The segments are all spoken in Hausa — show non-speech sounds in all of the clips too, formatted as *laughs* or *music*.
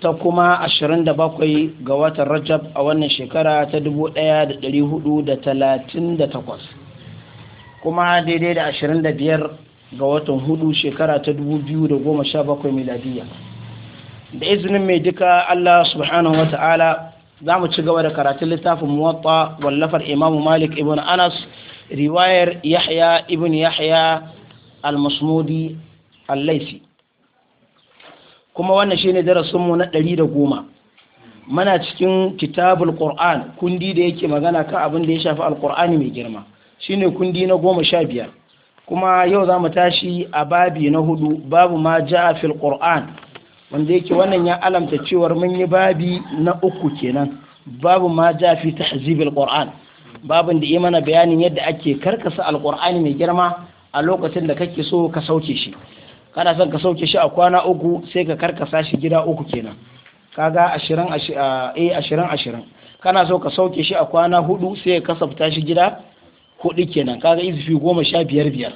ta kuma 27 ga watan rajab a wannan shekara ta da da da talatin 1438 kuma daidai da biyar ga watan hudu shekara ta 2017 miladiya da izinin mai duka Allah subhanahu wa ta'ala za mu ci gaba da karatun littafin muwatta wallafar imamu malik ibn anas riwayar yahya ibn yahya al-masmudi al-laisi kuma wannan shine na mu na goma. muna cikin kitabul qur'an kundi da yake magana kan abin da ya shafi alƙur'ani mai girma shine kundi na goma sha biyar. kuma yau za mu tashi a babi na hudu babu ma a fil qur'an wanda yake wannan ya alamta cewar mun yi babi na uku kenan babu ma ja fi tahzibil qur'an babin da iya mana bayanin yadda ake karkasa Alƙur'ani mai girma a lokacin da kake so ka sauke shi kana son ka sauke shi a kwana uku sai ka karkasa shi gida uku kenan kaga ashirin a eh, ashirin ashirin kana so ka sauke shi a kwana hudu sai ka kasafta shi gida hudu kenan kaga izifi goma sha biyar biyar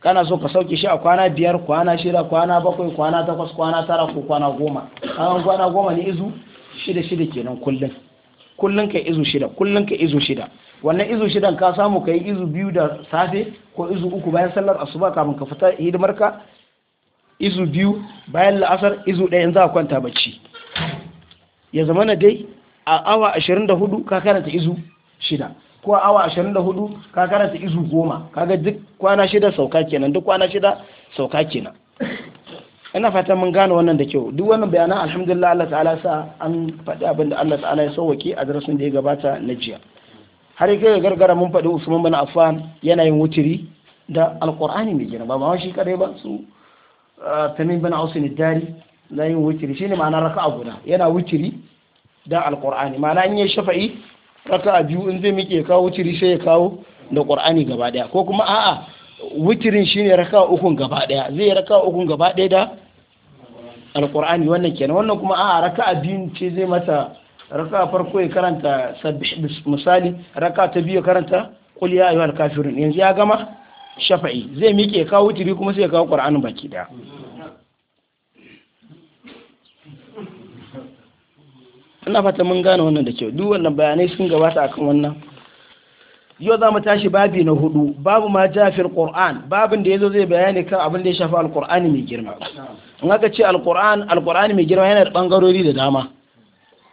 kana so ka sauke shi a kwana biyar kwana shida kwana bakwai kwana takwas kwana tara ko kwana goma kaga kwana goma ne izu shida shida kenan kullum kullum ka izu shida kullum ka izu shida wannan izu shidan ka samu ka yi izu biyu da safe ko izu uku bayan sallar asuba kafin ka fita hidimar ka izu biyu bayan la'asar izu ɗaya za a kwanta bacci ya zama na dai a awa 24 ka karanta izu shida ko a awa 24 ka karanta izu goma kaga duk kwana shida sauka kenan duk kwana shida sauka kenan ina fatan mun gane wannan da kyau duk wannan bayanan alhamdulillah Allah ta'ala sa an faɗi abin da Allah ta'ala ya sauwake a darasin da ya gabata na jiya har yake ga gargara mun faɗi usman bin affan yana yin wutiri da alqur'ani mai girma ba ma shi kadai ba su tamim bin ausin dari na yin wutiri shine ma'ana raka'a guda yana wutiri da alqur'ani ma'ana in yi shafa'i raka'a biyu in zai miƙe kawo wutiri sai ya kawo da qur'ani gaba daya ko kuma a'a wutirin shine raka'a ukun gaba daya zai raka'a ukun gaba daya da alqur'ani wannan kenan wannan kuma a'a raka'a biyu ce zai mata raka farko ya karanta misali raka ta biyu karanta qul ya ayyuhal kafirun yanzu ya gama shafa'i zai miƙe kawo wutiri kuma sai ya kawo qur'anin baki da, ina fata mun gane wannan da kyau duk wannan bayanai sun gabata akan wannan yau za mu tashi babi na hudu babu ma jafin qur'an babin da yazo zai bayani kan abin da ya shafa alqur'ani mai girma in aka ce alqur'an alqur'ani mai girma yana da bangarori da dama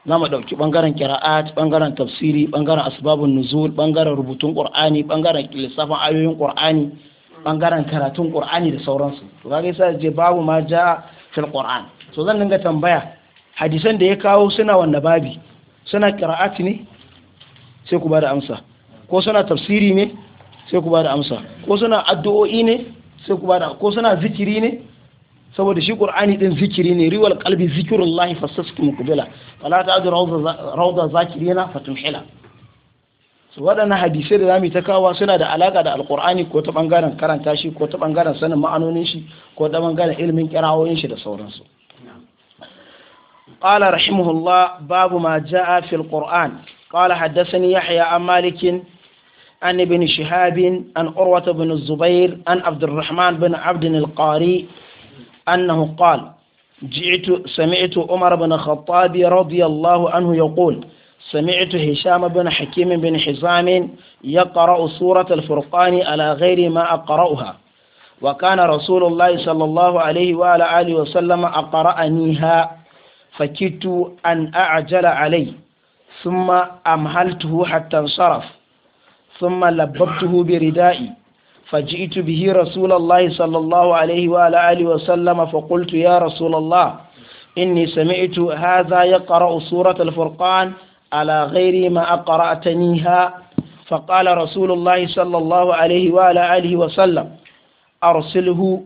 za mu ɗauki ɓangaren kira'at ɓangaren tafsiri ɓangaren asbabun nuzul ɓangaren rubutun ƙur'ani ɓangaren lissafin ayoyin ƙur'ani ɓangaren karatun ƙur'ani da sauransu to ga yasa je babu ma ja fil ƙur'an so zan dinga tambaya hadisan da ya kawo suna wanne babi suna kira'at ne sai ku bada amsa ko suna tafsiri ne sai ku bada amsa ko suna addu'o'i ne sai ku bada ko suna zikiri ne saboda shi qur'ani din zikiri ne riwal qalbi zikrullahi fastasqi muqbila fala ta'du rawda zakirina fatumhila su waɗannan hadisai da zamu ta kawa suna da alaka da alqur'ani ko ta bangaren karanta shi ko ta bangaren sanin ma'anonin shi ko ta bangaren ilimin kirawoyin shi da sauransu قال رحمه الله باب ما جاء في القرآن قال حدثني يحيى عن مالك عن ابن شهاب عن عروة بن الزبير عن عبد الرحمن بن عبد القاري أنه قال جئت سمعت عمر بن الخطاب رضي الله عنه يقول سمعت هشام بن حكيم بن حزام يقرأ سورة الفرقان على غير ما أقرأها وكان رسول الله صلى الله عليه وعلى آله وسلم أقرأنيها فكدت أن أعجل عليه ثم أمهلته حتى انصرف ثم لببته بردائي فجئت به رسول الله صلى الله عليه وعلى آله وسلم فقلت يا رسول الله إني سمعت هذا يقرأ سورة الفرقان على غير ما أقرأتنيها فقال رسول الله صلى الله عليه وعلى آله وسلم أرسله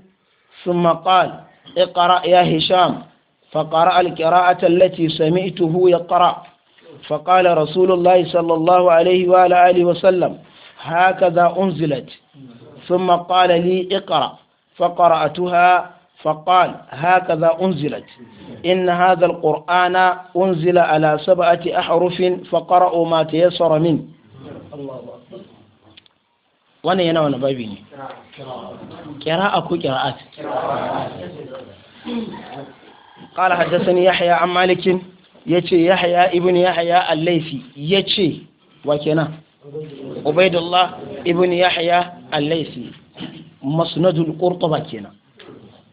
ثم قال اقرأ يا هشام فقرأ القراءة التي سمعته يقرأ فقال رسول الله صلى الله عليه وعلى آله وسلم هكذا أنزلت ثم قال لي اقرأ فقرأتها فقال هكذا أنزلت إن هذا القرآن أنزل على سبعة أحرف فقرأوا ما تيسر منه wane yana wani babi ne kira'a ko kira'at qala haddathani yahya an malikin yace yahya ibnu yahya a laifi yace wa ubaidullah ibn yahya al-laisi masnadul qurtuba kenan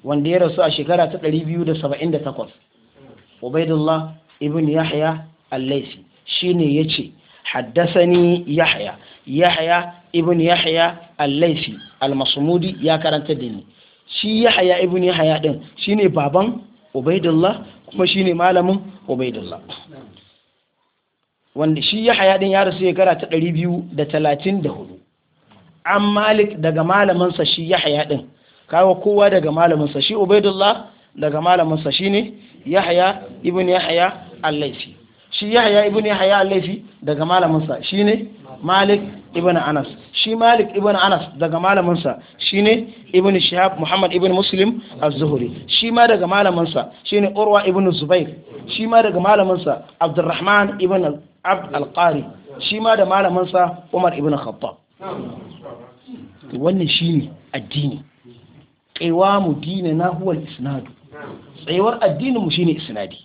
wanda ya rasu a shekara ta 278 ubaidullah ibn yahya al-laisi shine yace haddasani yahya yahya ibn yahya al-laisi al-masmudi ya karanta dini, shi yahya ibn yahya din shine baban ubaidullah kuma shine malamin ubaidullah wanda shi ya haya din ya rasu shekara ta ɗari biyu da talatin da hudu an malik daga malamansa shi ya haya din kawo kowa daga malamansa shi ubaidullah daga malamansa shi ne ya haya ibn ya haya allaisi shi ya haya ibn ya haya allaisi daga malamansa shi ne malik ibn anas shi malik ibn anas daga malamansa shi ne ibn shihab muhammad ibn muslim az-zuhri shi ma daga malamansa shi ne urwa ibn zubair shi ma daga malamansa abdurrahman ibn abd al-qari shi ma da malamansa umar ibn khattab wannan shi ne addini kaiwa mu dina na huwal isnadu tsayuwar addinin mu ne isnadi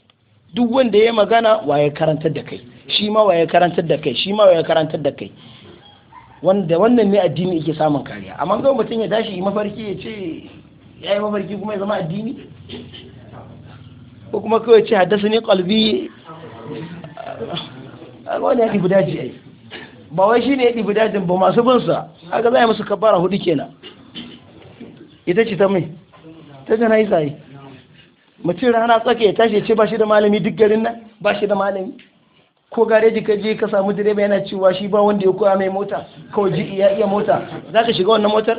duk wanda ya magana waye karantar da kai shi ma waye karantar da kai shi ma waye karantar da kai wanda wannan ne addini yake samun kariya amma ga mutum ya tashi mafarki ya ce ya yi mafarki kuma ya zama addini ko kuma kawai ce haddasa ne kalbi a wani ya ɗibu daji ai ba wai shi ne ya ɗibu dajin ba masu binsa haka za a yi musu kabara hudu kenan ita ce ta mai ta jana yi sayi mutum rana tsaka ya tashi ce ba shi da malami duk garin nan ba shi da malami ko gareji ka je ka samu direba yana cewa shi ba wanda ya koya mai mota ko ji ya iya mota za ka shiga wannan motar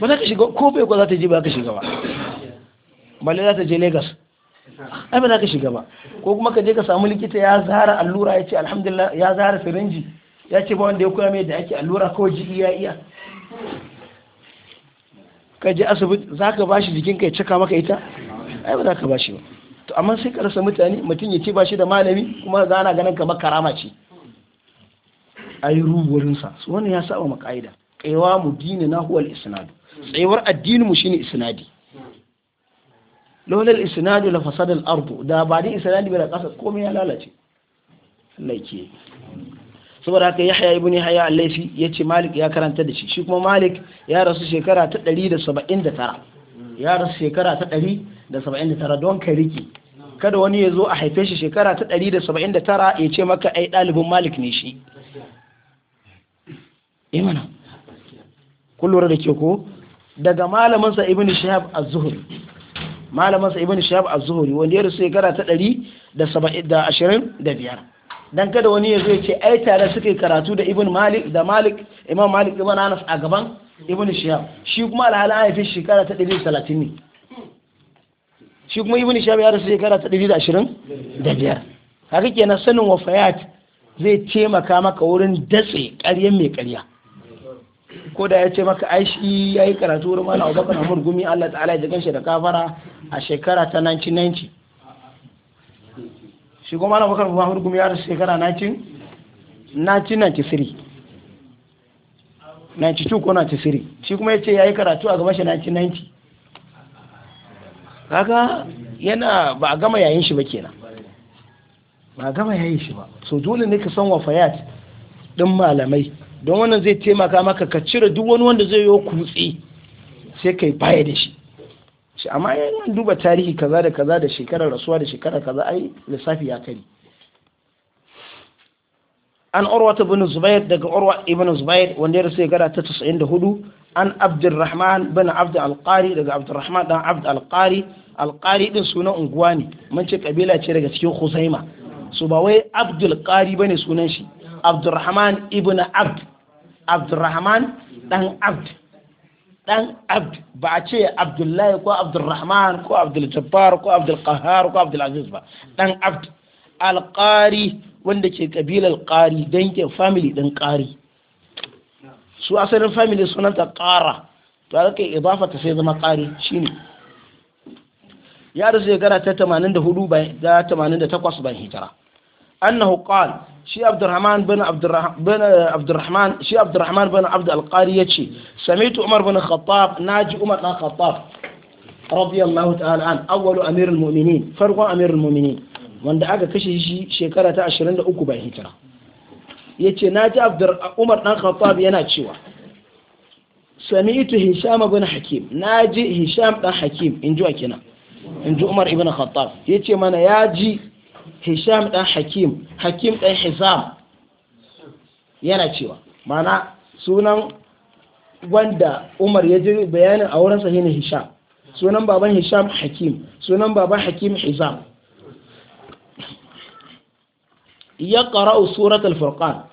ba za ka shiga ko bai ko za ta je ba ka shiga ba balle za ta je lagos ai ba za ka shiga ba ko kuma ka je ka samu likita ya zara allura ya ce alhamdulillah ya zara sirinji ya ce ba wanda ya koya mai da ake allura ko ji iya iya ka je asibiti za ka ba jikin ka ya cika maka ita ai ba za ka ba shi ba to amma sai ka rasa mutane mutum ya ce ba shi da malami kuma za na ganin kamar karama ce ai ruburinsa su wannan ya saba ma ka'ida kaiwa mu dini na huwal isnadu tsayuwar addinin mu shine isnadi lola isnadu la fasada al-ardu da ba din isnadi bai kasa komai ya lalace Allah ke saboda haka Yahya ibn Yahya al ya yace Malik ya karanta da shi shi kuma Malik ya rasu shekara ta 179 ya rasu shekara ta 179 don ka riki kada wani ya zo a haife shi shekara ta 179 ya ce maka ai ɗalibin Malik ne shi imana kullum da ke ko daga malaminsa ibn shahab az-Zuhri Malamansa ibn shihab az-zuhri wanda ya rusa gara ta 125 dan kada wani ya zo ya ce ai tare suke karatu da ibn malik da malik imam malik ibn anas a gaban ibn Shab shi kuma alhala an fi shekara ta 130 ne shi kuma ibn shihab ya rusa shekara ta 125 haka kenan sanin wafayat zai taimaka maka wurin datse ƙaryen mai ƙarya ko da ya ce maka aishi ya yi karatu wurin mana abubakar na murgumi allah ta'ala ya ganshi da kafara a shekara ta 1990 shi kuma ana bakar ba murgumi ya rasu shekara 1993 ko 93 shi kuma ya ce ya yi karatu a gaba shi 1990 kaga yana ba a gama yayin shi ba kenan ba a gama yayin shi ba so dole ne ka san wafayat din malamai don wannan zai taimaka maka ka cire duk wani wanda zai yi kutse sai kai baya da shi shi amma yana duba tarihi kaza da kaza da shekarar rasuwa da shekarar kaza ai lissafi ya kare an urwa bin zubair daga urwa ibn zubair wanda ya rasu gara ta 94 an abdurrahman bin abd alqari daga abdurrahman dan abd alqari alqari din sunan unguwa ne mun ce kabila ce daga cikin khusaima so ba wai abdul qari bane sunan shi abdurrahman ibn abd abdurrahman ɗan abd dan abd ba a ce abdullahi ko abdurrahman ko abdulljabbar ko abdulqahar ko abdulaziz ba dan abd alƙari wanda ke ƙabilar ƙari dangin family ɗan ƙari su asalin family sunanta ƙara to a kai idafa ta sai zama ƙari shi shine ya rasu shekara ta 84 bayan 88 bayan hijira annahu qala shi abdurrahman bin eh, abdurrahman shi abdurrahman bin abd alqari yace samitu umar bin khattab naji umar dan khattab radiyallahu ta'ala an awwalu amirul mu'minin farkon amirul mu'minin wanda aka kashe shi shekara ta 23 bayan hijira yace naji abdur umar dan khattab yana cewa sami'tu hisham bin hakim naji hisham dan hakim inji wa kenan inji umar ibn khattab yace mana yaji hisham dan hakim hakim dan hizam yana cewa mana sunan wanda umar ya ji bayanin a wurin wurinsa shine hisham sunan baban hisham hakim sunan baban hakim hizam ya ƙara'u surat al-furqan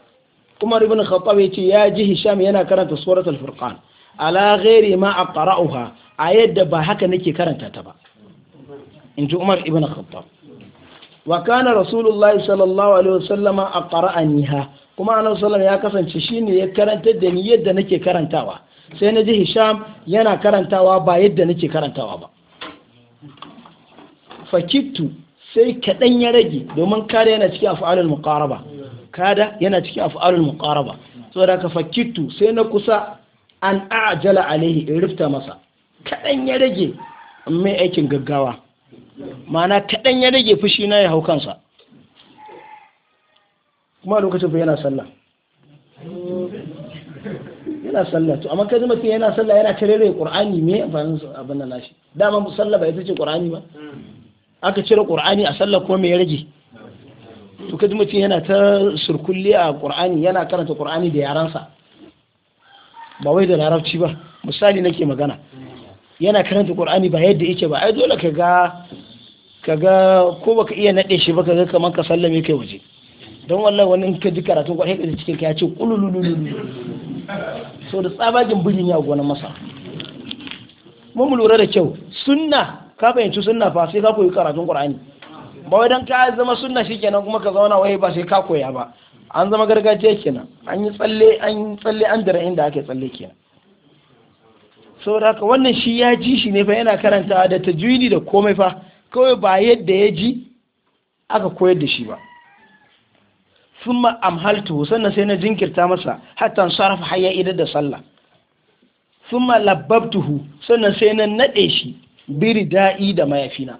umar ibn khattab ya ce ya ji hisham yana karanta surat al-furqan ala ghairi ma a ƙara'uha a yadda ba haka nake karanta ta ba in ji umar ibn khattab wa kana rasulullahi sallallahu alaihi wasallama a qara'aniha kuma annabi ya kasance shine ya karanta da ni yadda nake karantawa sai na ji hisham yana karantawa ba yadda nake karantawa ba Fakitu sai kaɗan ya rage domin kada yana cikin af'alul ba. kada yana cikin af'alul muqaraba saboda ka Fakitu sai na kusa an a'jala alaihi in rufta masa kaɗan ya rage mai aikin gaggawa ma'ana kaɗan ya rage fushi na ya hau kansa kuma lokacin fa yana sallah yana sallah to amma kai zama yana sallah yana tarere qur'ani me amfani abin da nashi dama musalla ba ita ce ƙur'ani ba aka cire qur'ani a sallah ko mai ya rage to kai zama yana ta surkulli a qur'ani yana karanta qur'ani da yaransa ba wai da larabci ba misali nake magana yana karanta qur'ani ba yadda yake ba ai dole ka ga kaga ko baka iya naɗe shi ba kaga kamar ka sallame kai waje don wallahi wani in ka ji karatun kwa haka cikin ka ya ce kululululu so da tsabagen burin ya gona masa mu lura da kyau sunna ka fahimci sunna fa sai ka koyi karatun qur'ani ba wai dan ka zama sunna kenan kuma ka zauna wai ba sai ka koya ba an zama gargajiya kenan an yi tsalle an yi tsalle an dara inda ake tsalle kenan saboda haka wannan shi ya ji shi ne fa yana karanta da tajwidi da komai fa kawai ba yadda ya ji aka koyar da shi ba sun amhaltu sannan sai na jinkirta masa hatta sarrafa hayya idar da sallah sun labbabtuhu sannan sai na naɗe shi biri da'i da mayafina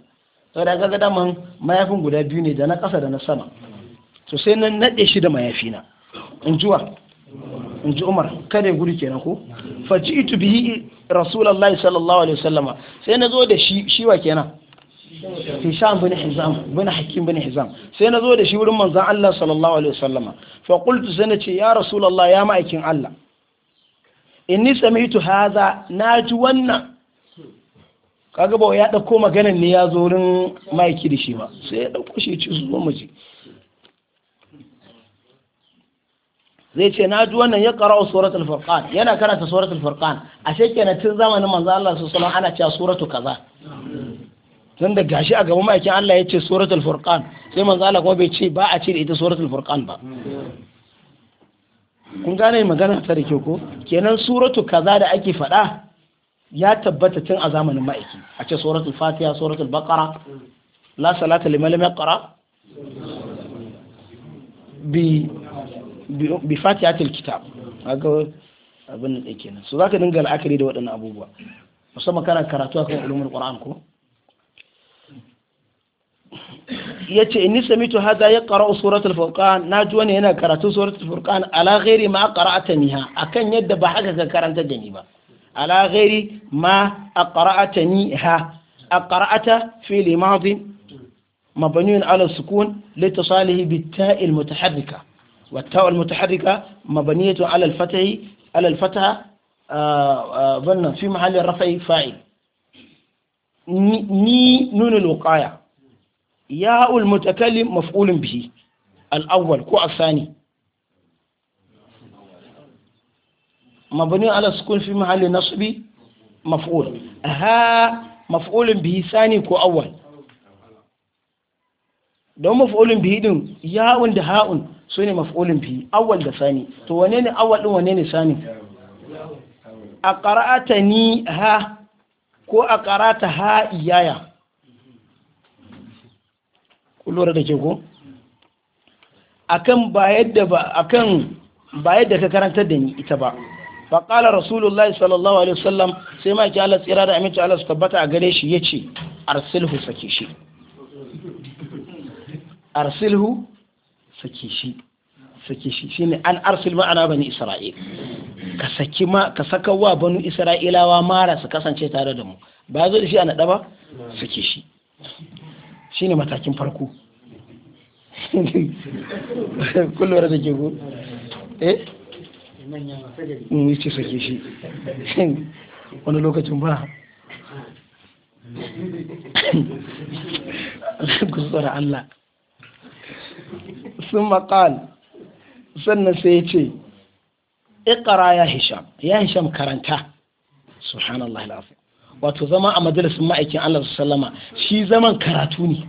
Da ga ga daman mayafin guda biyu ne da na ƙasa da na sama to sai na naɗe shi da mayafina in juwa in ji umar kada gudu kenan ko faji itu bihi rasulullahi sallallahu alaihi wasallama sai na zo da shi shiwa kenan hisham bin hizam bin hakim bin hizam sai na zo da shi wurin manzon Allah sallallahu alaihi wasallama fa qultu sai na ce ya rasulullah ya ma'aikin Allah inni sami'tu hadha ji wannan kaga ba ya dauko maganar ne ya zo wurin ma'aiki da shi ba sai ya dauko shi ci zuwa miji zai ce na ji wannan ya qara'u suratul furqan yana karanta suratul furqan ashe kenan tun zamanin manzo Allah sallallahu alaihi wasallam ana cewa suratu kaza tun da gashi a gaban ma'aikin Allah ya ce suratul furqan sai manzo Allah kuma bai ce ba a ce da ita suratul furqan ba kun gane magana ta da ke ko kenan suratu kaza da ake faɗa ya tabbata tun a zamanin ma'aiki a ce suratul fatiha suratul baqara la salata liman lam yaqra bi bi fatihatil kitab kaga abin da kenan so zaka dinga la'akari da waɗannan abubuwa musamman kana karatu akan ulumul qur'an ko yace inni samitu hada ya qara'u suratul furqan naji wani yana karatu suratul furqan ala ghairi ma qara'ata niha akan yadda ba haka ka karanta da ni ba ala ghairi ma aqra'ata niha aqra'ata fi limadi مبني على السكون لاتصاله al-mutaharrika mabniyatu ala al-fath ala al-fath ظن في محل الرفع فاعل ني نون الوقاية ya'ul mutakallim maf'ulun bihi al-awwal ko asani mabni ala sukun fi mahalli nasbi maf'ul ha maf'ulun bihi sani ko awwal don maf'ulun bihi din ya ya'un da ha'un su ne maf'ulun bihi awwal da sani to wane ne awwal din wane ne sani a qara'ata ni ha ko a qara'ata ha iyaya kullura da ke ko akan ba yadda ba akan ba yadda ka karanta da ni ita ba fa qala rasulullahi sallallahu alaihi wasallam sai ma ki Allah tsira da aminci Allah su tabbata a gare shi yace arsilhu sake shi arsilhu sake shi sake shi shine an arsil ma'ana bani isra'il ka saki ma ka saka wa banu isra'ilawa mara su kasance tare da mu ba zo da shi ana daba sake shi ne matakin farko kullum da ke go eh in ce sake shi wani lokacin ba ku da Allah sun maƙal sannan sai ya ce ikara ya hisham ya hisham karanta subhanallah al'afi wato zama a majalisin ma'aikin Allah sallama shi zaman karatu ne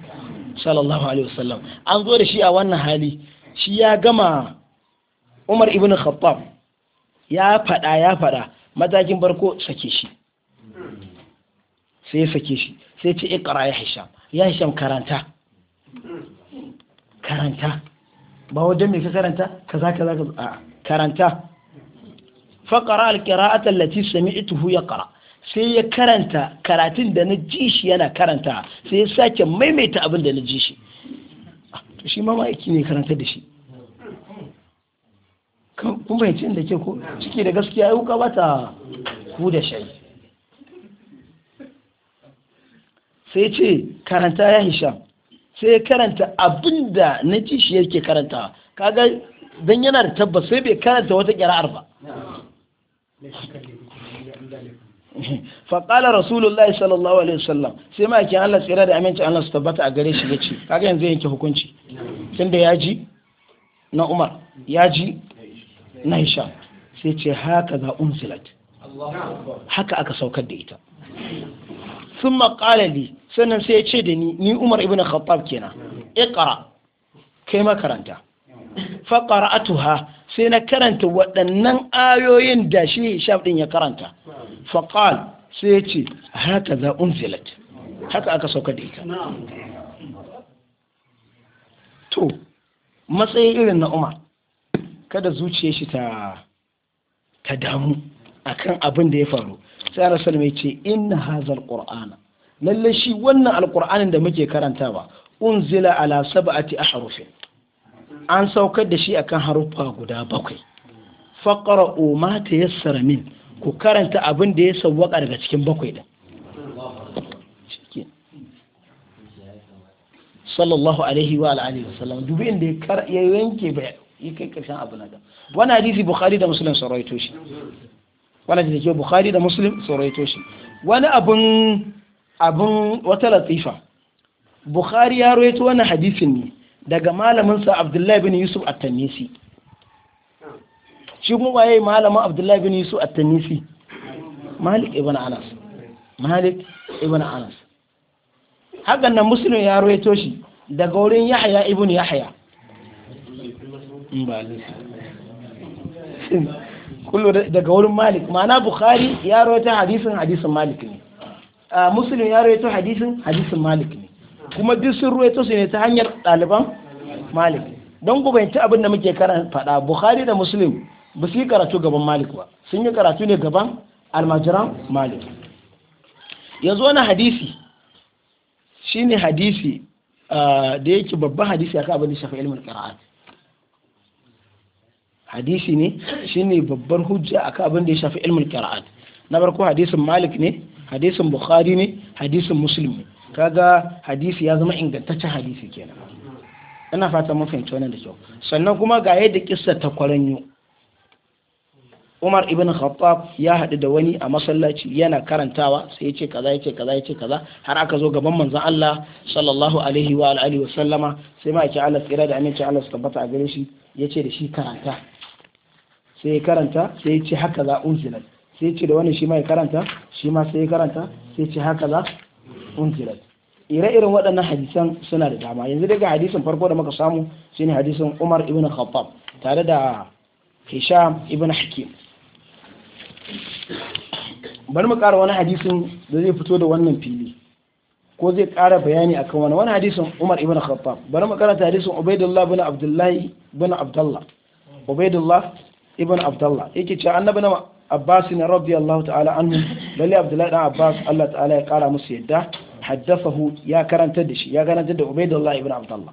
sallallahu alaihi wasallam an zo da shi a wannan hali shi ya gama Umar ibn Khattab ya fada ya fada matakin barko sake shi sai ya sake shi sai ce ikra ya hisham ya hisham karanta karanta ba wajen me ka karanta kaza kaza kaza karanta faqara al-qira'ata allati sami'tuhu yaqra' sai ya karanta karatun da na ji shi yana karanta sai ya sake maimaita abin da na ji shi to shi ma ma'aiki ne karanta da shi kun fahimci inda ke ko ciki da gaskiya ya wuka bata ku da shayi sai ce karanta ya hisham sai ya karanta abin da na ji shi yake karanta kaga dan yana da tabbas sai bai karanta wata kira'ar ba *laughs* faƙalar rasulullahi sallallahu alaihi wasallam sai ma Allah tsira da aminci Allah su tabbata a gare shi ya ce kaga yanzu yanke hukunci tunda ya ji na Umar ya ji na Hisham sai ce haka za unsilat haka aka saukar da ita sun maƙala sannan sai ya ce da ni ni Umar ibn Khattab kenan iqra kai makaranta fa sai na karanta waɗannan ayoyin da shi Hisham ɗin ya karanta faqal sai ya ce haka za unzilat haka aka sauka da ita to matsayin irin na umar kada zuciya shi ta ta damu akan abin da ya faru sai ana salama ya ce inna hazal qur'ana lalle shi wannan alqur'anin da muke karantawa unzila ala sab'ati ahrufin an saukar da shi akan harufa guda bakwai faqra'u ma tayassara min ku karanta abin da ya sawwaka daga cikin bakwai din sallallahu alaihi wa alihi wa sallam dubi inda ya yanke bai yi kai karshen abu na da wani hadisi bukhari da muslim sun shi wani hadisi ke bukhari da muslim sun shi wani abun abun wata latifa bukhari ya rawaito wani hadisin ne daga malamin sa abdullahi bin yusuf at-tanisi shi kuma waye malamin abdullahi bin yusuf at-tanisi malik ibn anas malik ibn anas hakan nan muslim ya rawaito shi daga wurin yahya ibn yahya kullu daga wurin malik ma'ana bukhari ya rawaito hadisin hadisin malik ne muslim ya rawaito hadisin hadisin malik ne kuma duk sun rawaito su ne ta hanyar ɗaliban malik don gubanci abin da muke karan bukhari da muslim ba su yi karatu gaban malik ba sun yi karatu ne gaban almajiran malik yanzu wani hadisi shine hadisi ah, da yake babban hadisi a kabin shafi ilmin karatu hadisi ne shine babban hujja a kabin da ya shafi ilmin karatu na farko hadisin malik ne hadisin bukhari ne hadisin muslim ne kaga hadisi ya zama ingantaccen hadisi kenan ina fata mun fahimci wannan da kyau sannan kuma ga yadda kissa ta kwaranyo Umar ibn Khattab ya haɗu da wani a masallaci yana karantawa sai ya ce kaza ya ce kaza ya ce kaza har aka zo gaban manzon Allah sallallahu alaihi wa alihi wa sallama sai ma yake Allah tsira da aminci Allah su tabbata a gare shi ya ce da shi karanta sai ya karanta sai ya ce haka za unzilat sai ya ce da wani shi ma ya karanta shi ma sai ya karanta sai ya ce haka za unzilat ire-iren waɗannan hadisan suna da dama yanzu daga hadisin farko da muka samu shine hadisin Umar ibn Khattab tare da Hisham ibn Hakim bari mu ƙara wani hadisin da zai fito da wannan fili ko zai ƙara bayani akan wani wani hadisin Umar ibn Khattab bari mu ƙara hadisin Ubaidullah ibn Abdullah ibn Abdullah Ubaidullah ibn Abdullah yake cewa annabi na Abbas ne radiyallahu ta'ala anhu lalle Abdullah dan Abbas Allah ta'ala ya ƙara musu yadda haddathahu ya karanta da shi ya karanta da Ubaidullah ibn Abdullah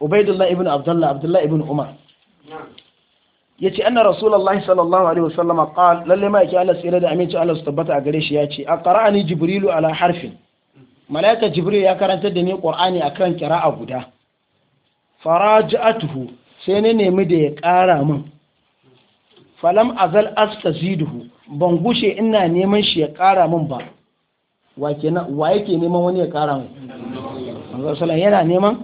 Ubaidullah ibn Abdullah Abdullah ibn Umar yace anna rasulullahi sallallahu alaihi wasallam qala lalle ma yake Allah tsira da aminci Allah su tabbata a gare shi yace aqra'ani jibrilu ala harfin malaika jibril ya karanta da ni qur'ani akan qira'a guda faraja'atuhu sai ne nemi da ya kara min falam azal astaziduhu ban gushe ina neman shi ya kara min ba wa kenan wa yake neman wani ya kara min Allah yana neman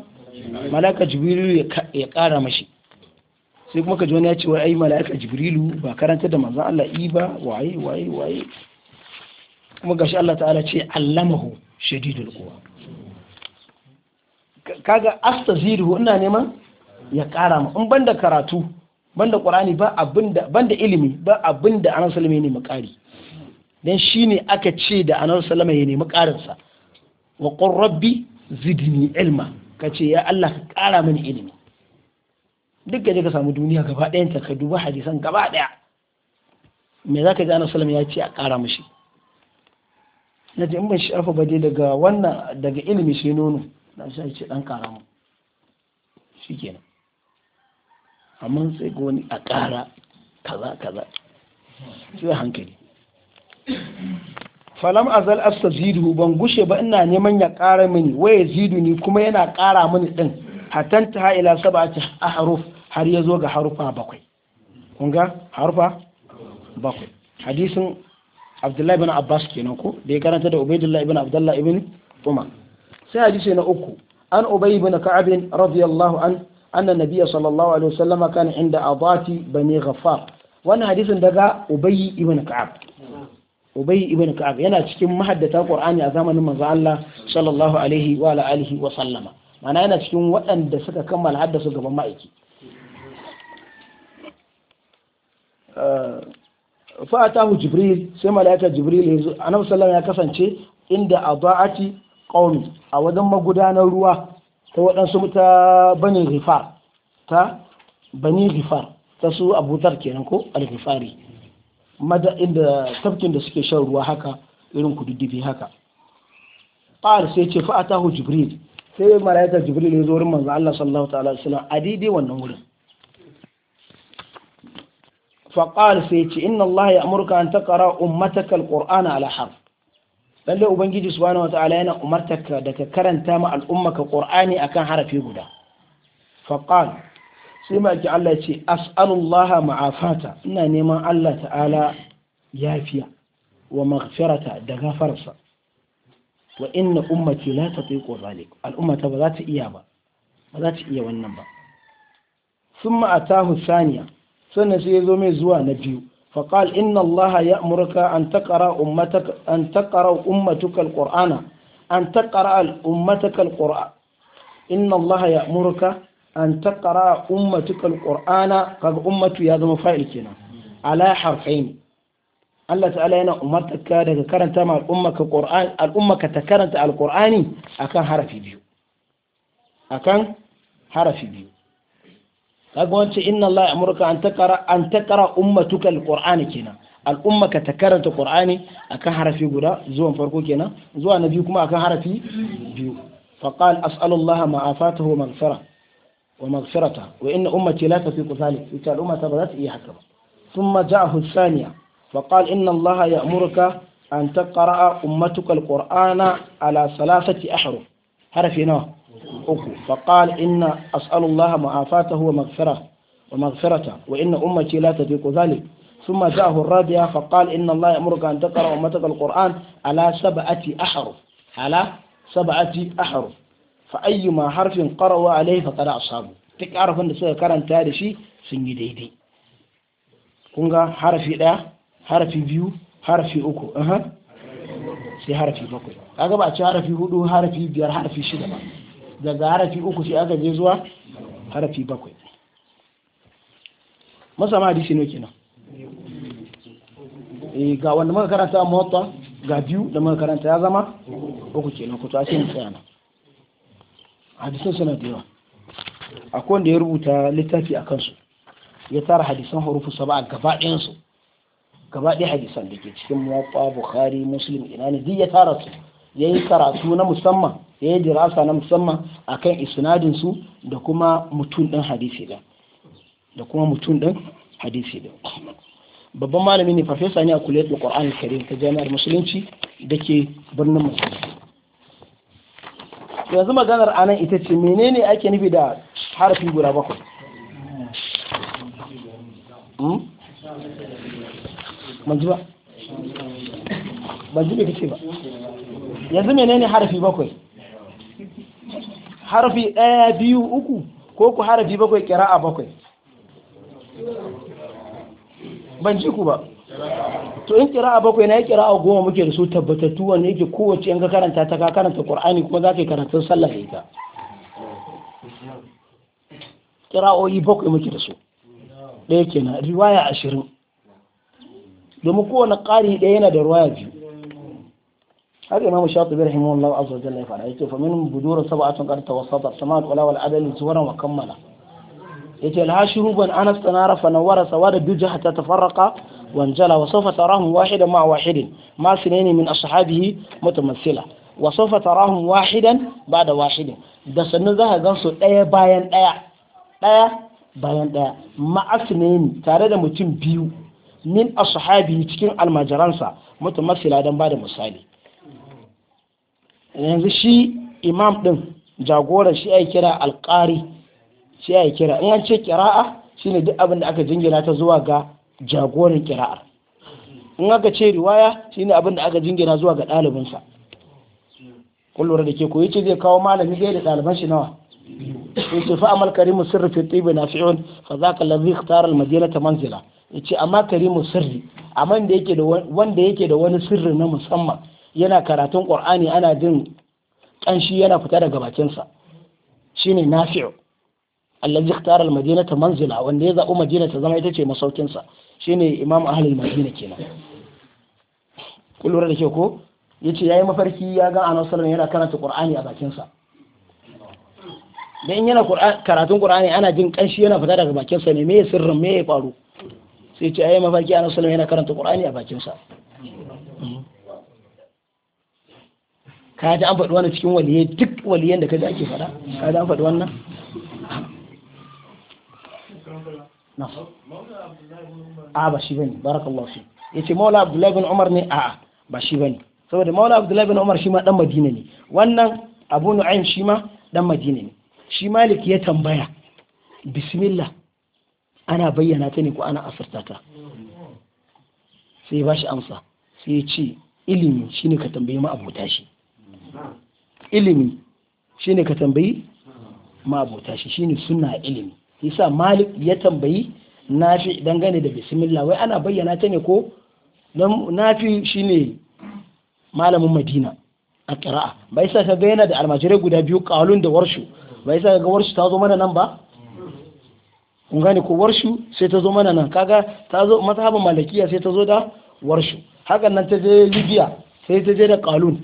malaika jibril ya kara mashi sai kuma ka ji wani ya ce wa ai mala'ika jibrilu ba karanta da manzon Allah i ba waye waye waye kuma gashi Allah ta'ala ce allamahu shadidul quwa kaga astaziru ina neman ya kara ma in banda karatu banda qur'ani ba abinda banda ilimi ba abinda anan ya ne makari dan shine aka ce da anan salama ya nemi karin sa wa qur rabbi zidni ilma kace ya Allah ka kara mani ilimi duk da ka samu duniya gaba ɗayan ta ka duba hadisan gaba ɗaya me za ka ji ana salam ya ce a ƙara mashi na ce in ban shafa ba dai daga wannan daga ilimi shi nono na shi ce ɗan ƙara mu shikenan amma sai ga wani a ƙara kaza kaza sai hankali falam azal Zidu ban gushe ba ina neman ya ƙara mini waya zidu ni kuma yana ƙara mini ɗin. hatta ta ila sab'ati ahruf har ya zo ga harufa bakwai kun ga harufa bakwai hadisin Abdullahi ibn Abbas kenan ko da ya karanta da Ubaidullah ibn Abdullah ibn Umar sai hadisi na uku an Ubay ibn Ka'ab radiyallahu an anna nabiyya sallallahu alaihi wasallam kana inda Abati bani Ghaffar wannan hadisin daga Ubay ibn Ka'ab Ubay ibn Ka'ab yana cikin mahaddata Qur'ani a zamanin manzo Allah sallallahu alaihi wa alihi wa sallama mana yana cikin waɗanda suka kammala haddasa gaban ma'aiki uh, fa'atahu jibril sai mala'ika jibril ya zo annabi sallallahu ya kasance inda adaati qaumi a wajen magudanar ruwa ta waɗansu ta bani rifar ta bani rifar ta su abutar kenan ko al-rifari mada inda tafkin da suke shan ruwa haka irin kududdufi haka qal sai ce fa'atahu jibril sai malaika jibril ya zo wurin manzo Allah sallallahu ta'ala wasallam a daidai wannan wurin faqal sai ce inna Allah ya amurka an taqra ummataka alqur'ana ala harf lalle ubangiji subhanahu wataala yana umartaka da ka karanta ma al'ummaka qur'ani akan harafi guda faqal sai ma ki Allah ce as'alullaha ma'afata ina neman Allah ta'ala yafiya wa maghfirata da gafarsa wa inna ummati la tatiqu zalik al'umma ta ba za ta iya ba ba za ta iya wannan ba thumma atahu thaniya sannan sai mai zuwa na biyu فقال إن الله يأمرك أن تقرأ أمتك أن تقرأ أمتك القرآن أن تقرأ أمتك القرآن إن الله Allah ta'ala yana umartaka daga karanta ma al'ummaka Qur'an al'ummaka ta karanta alqur'ani akan harafi biyu akan harafi biyu kaga wancan inna Allah ya amurka an takara an taqra ummatuka alqur'ani kenan al'ummaka ta karanta qur'ani akan harafi guda zuwan farko kenan zuwa na biyu kuma akan harafi biyu faqal as'alullaha ma afatahu maghfira wa maghfirata wa inna ummati la tafiqu thalik ita al'umma ta ba za ta iya haka ba thumma ja'ahu thaniya فقال إن الله يأمرك أن تقرأ أمتك القرآن على ثلاثة أحرف حرف نوع أكو فقال إن أسأل الله معافاته ومغفرة ومغفرته وإن أمتي لا تطيق ذلك ثم جاءه الرابعة فقال إن الله يأمرك أن تقرأ أمتك القرآن على سبعة أحرف على سبعة أحرف فأيما حرف قرأوا عليه فقد أصابه تك أعرف أن سيكرن تارشي سنجي ديدي كونغا حرفي ده harafi biyu harafi uku aha sai harafi bakwai kaga ba ci harafi hudu harafi biyar harafi shida ba daga harafi uku sai aka je zuwa harafi bakwai masama hadisi ne kenan eh ga wanda muka karanta mota ga biyu da muka karanta ya zama uku kenan ku tashi mu tsaya nan hadisin suna da yawa akwai wanda ya rubuta littafi a kansu ya tara hadisan hurufu saba gaba ɗayan su gaba ɗaya hadisan da ke cikin muwatta bukhari muslim ina ne duk ya tara su ya yi karatu na musamman ya yi dirasa na musamman akan isnadin su da kuma mutum ɗin hadisi ɗin da kuma mutum ɗin hadisi ɗin babban malami ne farfesa ne a kuliyar da ƙwar'an karim ta jami'ar musulunci da ke birnin musulunci yanzu maganar anan ita ce menene ake nufi da harafi guda bakwai hmm? ban ba ban ji kace ba yanzu menene harafi bakwai harafi ɗaya biyu uku ko ku harafi bakwai kira'a bakwai ban ji ku ba to in kira'a bakwai na yi kira'a goma muke da su tabbatattu wanda yake kowace yanka karanta ta ka karanta ƙur'ani kuma za ka yi karatun sallah da ita kira'o'i bakwai muke da su ɗaya kenan riwaya ashirin domin kowane ƙari ɗaya yana da ruwaya biyu haka imamu shatibi rahimahullahu azza wa jalla ya fara yace fa min budura sab'atun qad tawassata sama'at wala wal adl suwaran wa kammala yace al-hashiru ban anas tanara fa nawara sawada duja hatta tafarraqa wa anjala wa sawfa tarahum wahidan ma wahidin ma sinaini min ashabihi mutamassila wa sawfa tarahum wahidan ba'da wahidin da sannan za ka su ɗaya bayan ɗaya ɗaya bayan ɗaya ma'asinaini tare da mutum biyu min ashabi cikin almajiransa masila dan bada misali yanzu shi imam din jagoran shi ai kira alqari shi ai kira in an ce qira'a shine duk abin da aka jingina ta zuwa ga jagoran qira'a in aka ce riwaya shine abin da aka jingina zuwa ga ɗalibinsa kun da ke koyi ce zai kawo malami zai da ɗaliban shi nawa in fa amal karimu sirri fi tibi na fi'un fa zaka ladhi ikhtara al-madinata manzila yace amma karimu sirri amma da yake da wanda yake da wani sirri na musamman yana karatun qur'ani ana jin kanshi yana fita daga bakinsa shine nafi'u allazi ikhtara almadinata manzila wanda ya zabu madina ta zama ita ce sa shine imam ahlul madina kenan kullura da ke ko yace yayi mafarki ya ga annabi sallallahu yana karanta qur'ani a bakinsa dan yana karatun qur'ani ana jin kanshi yana fita daga bakinsa ne me sirrin me ya faru sai ce ayi mafarki a nasarar yana karanta ƙorani a bakin sa ka ji an faɗi wannan cikin waliyai duk waliyan da ji ake faɗa ka ji an faɗi wannan a ba shi bane barakallahu ya ce maula abdullahi bin umar ne a ba shi bane saboda maula abdullahi bin umar shi ma dan madina ne wannan abu nu'aym shi ma dan madina ne shi malik ya tambaya bismillah ana bayyana ta ne ko ana asirta ta sai ba shi amsa sai ya ce ilimi shine ka tambayi ma'abota shi ilimi ne ka tambayi ma'abota shi ne suna ilimi yasa malik ya tambayi na fi dangane da bismillah wai ana bayyana ta ne ko na fi shi ne malamin madina a ƙira'a bai sa ka ga yana da almajirai guda biyu ƙalun da warshu bai sa ka ga warshu ta zo mana nan ba kun gane ko warshu sai ta zo mana nan kaga ta zo mazhabin malikiya sai ta zo da warshu haka nan ta je libya sai ta je da qalun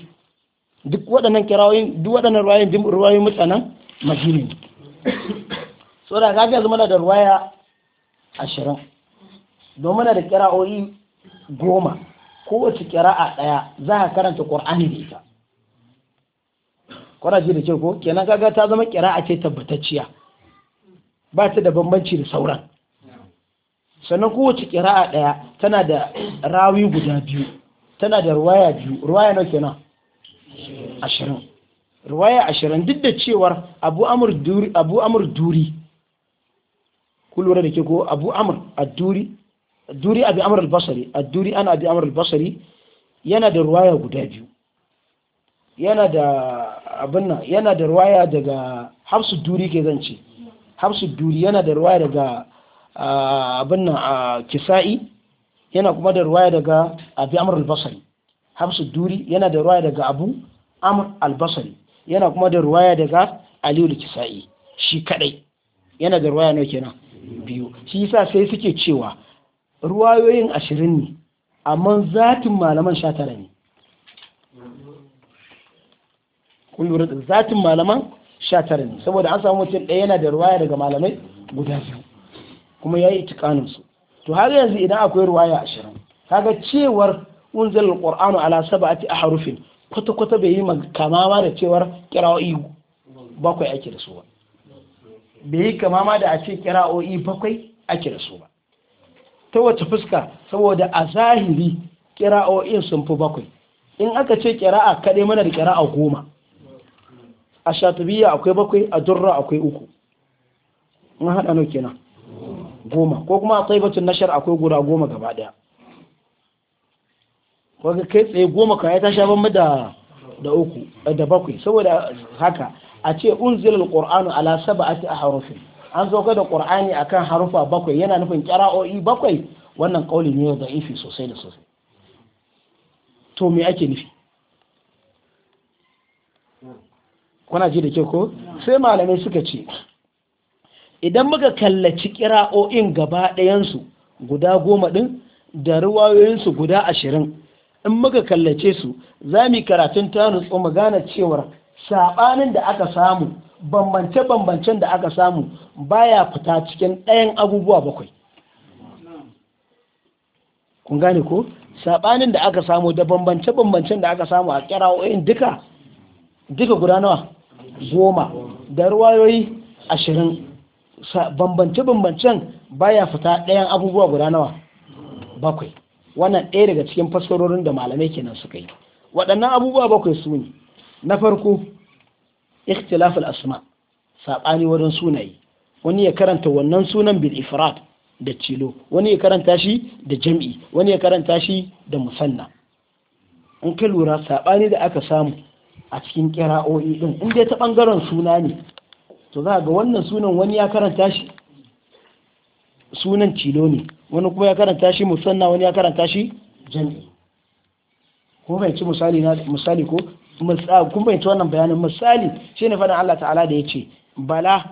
duk waɗannan kirawoyin duk waɗannan ruwayoyin ruwayoyin mutanen madina ne da kaga ga mana da ruwaya ashirin domin da kira'o'i goma kowace kira'a ɗaya za a karanta ƙur'ani da ita kwanaci da ce ko kenan kaga ta zama kira'a ce tabbatacciya ba ta da bambanci da sauran sannan kowace kira'a ɗaya tana da rawi guda biyu tana da ruwaya biyu ruwaya na kenan ashirin ruwaya ashirin duk da cewar abu amur duri abu amur duri ku lura da ke ko abu amur a duri duri abi amur albasari basri duri ana abi amur albasari, yana da ruwaya guda biyu yana da abin nan yana da ruwaya daga hafsu duri ke zance hafsu duri yana da ruwaya daga abin nan a kisa'i yana kuma da ruwaya daga abu amur al-basri hafsu duri yana da ruwaya daga abu amur al-basri yana kuma da ruwaya daga aliyu al-kisa'i shi kadai yana da ruwaya nawa kenan biyu shi yasa sai suke cewa ruwayoyin ashirin ne amma zatin malaman sha tara ne kun lura zatin malaman sha tara ne saboda an samu mutum ɗaya yana da ruwaya daga malamai guda biyu kuma ya yi itikanin to har yanzu idan akwai ruwaya ashirin kaga cewar unzal alqur'anu ala sab'ati ahrufin kwata kwata bai yi kama ma da cewar kira'o'i bakwai ake da su ba bai yi kama ma da a ce kira'o'i bakwai ake da su ba ta wace fuska saboda a zahiri kira'o'in sun fi bakwai in aka ce kira'a kaɗai mana da kira'a goma a shatubiya akwai bakwai a durra akwai uku mun haɗa nau kenan goma ko kuma a taibatun nashar akwai guda goma gaba ɗaya ga kai tsaye goma ka ya ta sha da da uku da bakwai saboda haka a ce unzilal qur'anu ala sab'ati ahruf an zo saukar da qur'ani akan harufa bakwai yana nufin qira'o'i bakwai wannan kauli ne da ifi sosai da sosai to me ake nufi kuna ji da ke ko sai malamai suka ce idan muka kallaci kira'o'in gaba ɗayansu guda goma ɗin da ruwayoyinsu guda ashirin in muka kallace su za mu karatun ta nutsu mu gane cewar saɓanin da aka samu bambance-bambancen da aka samu baya fita cikin ɗayan abubuwa bakwai kun gane ko saɓanin da aka samu da bambance-bambancen da aka samu a kira'o'in duka duka guda nawa goma da ruwayoyi ashirin bambance-bambancen baya fita ɗayan abubuwa guda nawa bakwai wannan ɗaya daga cikin fassarorin da malamai kenan suka yi waɗannan abubuwa bakwai su ne na farko ikhtilaful asma saɓani wurin sunaye wani ya karanta wannan sunan bil ifrat da cilo wani ya karanta shi da jam'i wani ya karanta shi da musanna in ka lura saɓani da aka samu a cikin kira'o'i din in ta ɓangaren suna ne to za ga wannan sunan wani ya karanta shi sunan cilo ne wani kuma ya karanta shi musanna wani ya karanta shi jami'i kuma bai ci misali na misali ko kun bai ci wannan bayanin misali ne faɗin Allah ta'ala da ya ce bala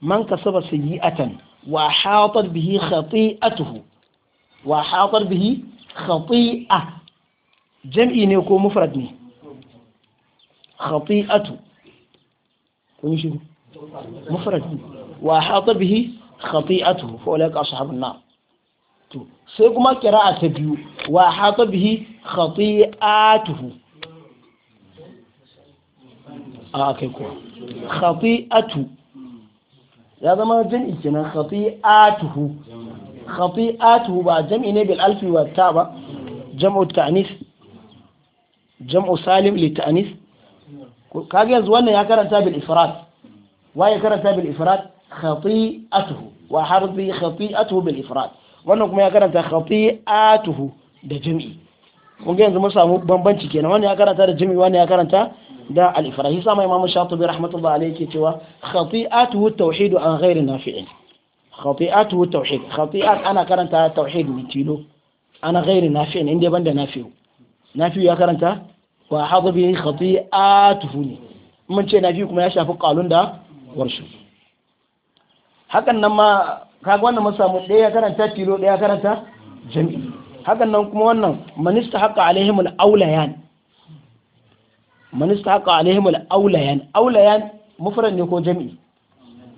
man kasaba sayi'atan wa hatat bihi khati'atuhu wa hatat bihi khati'a jam'i ne ko mufrad ne khati'atu kun shi mufrad wa hata bihi khati'atu fa ulaka ashabun nar to sai kuma qira'a ta biyu wa hata bihi khati'atuhu a kai kuwa khati'atu ya zama jam'i kenan khati'atuhu khati'atuhu ba jam'i ne ba jam'u ta'nis jam'u kaga yanzu wannan ya karanta bil ifrat ya karanta bil ifrat khati'atuhu wa harbi khati'atuhu bil ifrat wannan kuma ya karanta khati'atuhu da jami'i kun ga yanzu mun samu bambanci kenan wannan ya karanta da jami'i wannan ya karanta da al ifrat shi sama imamu shatibi rahmatullahi alayhi ke cewa khati'atuhu tauhid an ghairi nafi'in khati'atuhu tauhid khati'at ana karanta tauhid ne tilo ana ghairi nafi'in inda banda nafi'u nafi'u ya karanta wa haɗa bihi khati'atuhu ne mun ce na biyu kuma ya shafi qalun da warshu hakan nan ma kaga wannan mun samu ɗaya karanta tilo ɗaya karanta jami'i hakan nan kuma wannan manista haka alaihim al-aulayan manista haka alaihim al-aulayan aulayan mufrad ne ko jami'i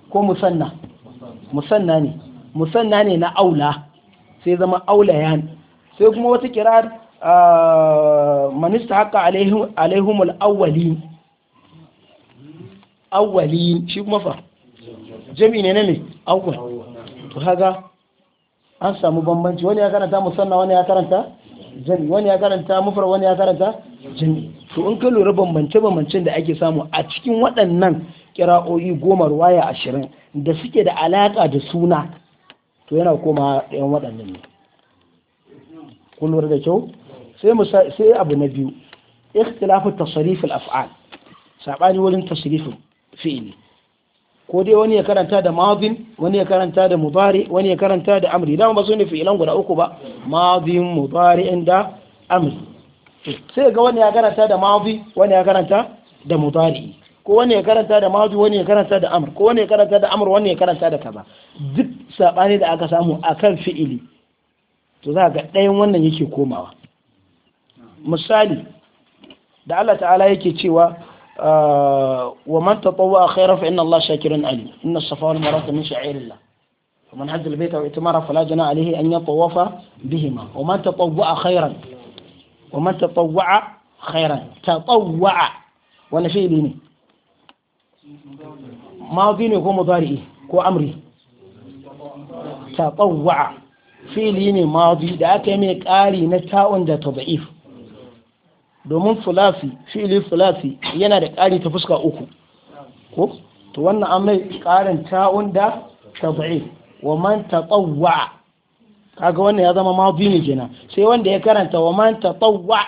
ko musanna musanna ne musanna ne na aula sai zama aulayan sai kuma wata kirar manista haka alaihumul awwali awwali shi kuma fa jami ne ne ne awwal to haga an samu bambanci wani ya karanta musanna wani ya karanta jami wani ya karanta mufar wani ya karanta jami to in ka lura bambance-bambancen da ake samu a cikin waɗannan kira'o'i goma ruwaya ashirin da suke da alaƙa da suna to yana koma ɗayan waɗannan ne kun lura da kyau sai mu sai abu na biyu ikhtilafu tasrif al-af'al sabani wurin tasrifin fi'ili ko dai wani ya karanta da madin wani ya karanta da mudari wani ya karanta da amri dama ba su ne fi'ilan guda uku ba madin mudari inda amri sai ga wani ya karanta da madi wani ya karanta da mudari ko wani ya karanta da madi wani ya karanta da amr ko wani ya karanta da amr wani ya karanta da kaza duk sabani da aka samu akan fi'ili to za ga ɗayan wannan yake komawa misali da Allah ta'ala yake cewa ah, wa man tatawwa khairan fa inna Allah shakirun ali inna safa wal marwa min sha'irillah ومن حج البيت أو اعتمر فلا جنى عليه أن يطوف بهما ومن تطوع خيرا ومن تطوع خيرا تطوع وانا في بيني ما بيني هو مضارئي هو أمري تطوع في ليني ماضي da aka yi mai ƙari na ta'un da ta domin fulafi fi'ili fulafi yana da ƙari ta fuska uku ko to wannan an mai ƙarin ta'un da tabi'i wa man tatawwa kaga wannan ya zama madi ne kenan sai wanda ya karanta wa man tatawwa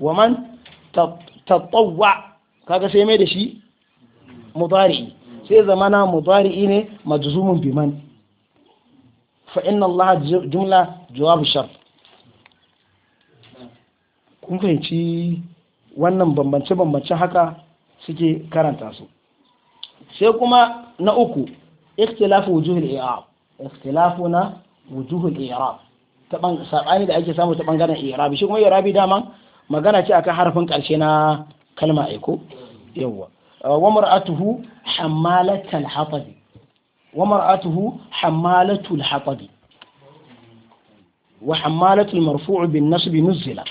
wa man tatawwa kaga sai mai da shi mudari'i sai zamana mudari'i ne majzumun biman fa inna Allah jumla jawab shart kun fahimci wannan bambance-bambance haka suke karanta su sai kuma na uku ikhtilafu wujuhul i'rab ikhtilafu na wujuhul i'rab ta bangaren sabani da ake samu ta bangaren i'rab shi kuma i'rabi dama magana ce akan harfin karshe na kalma aiko yawa wa mar'atuhu hammalatul hatab wa mar'atuhu hammalatul hatab wa hammalatul marfu' bin nasb nuzila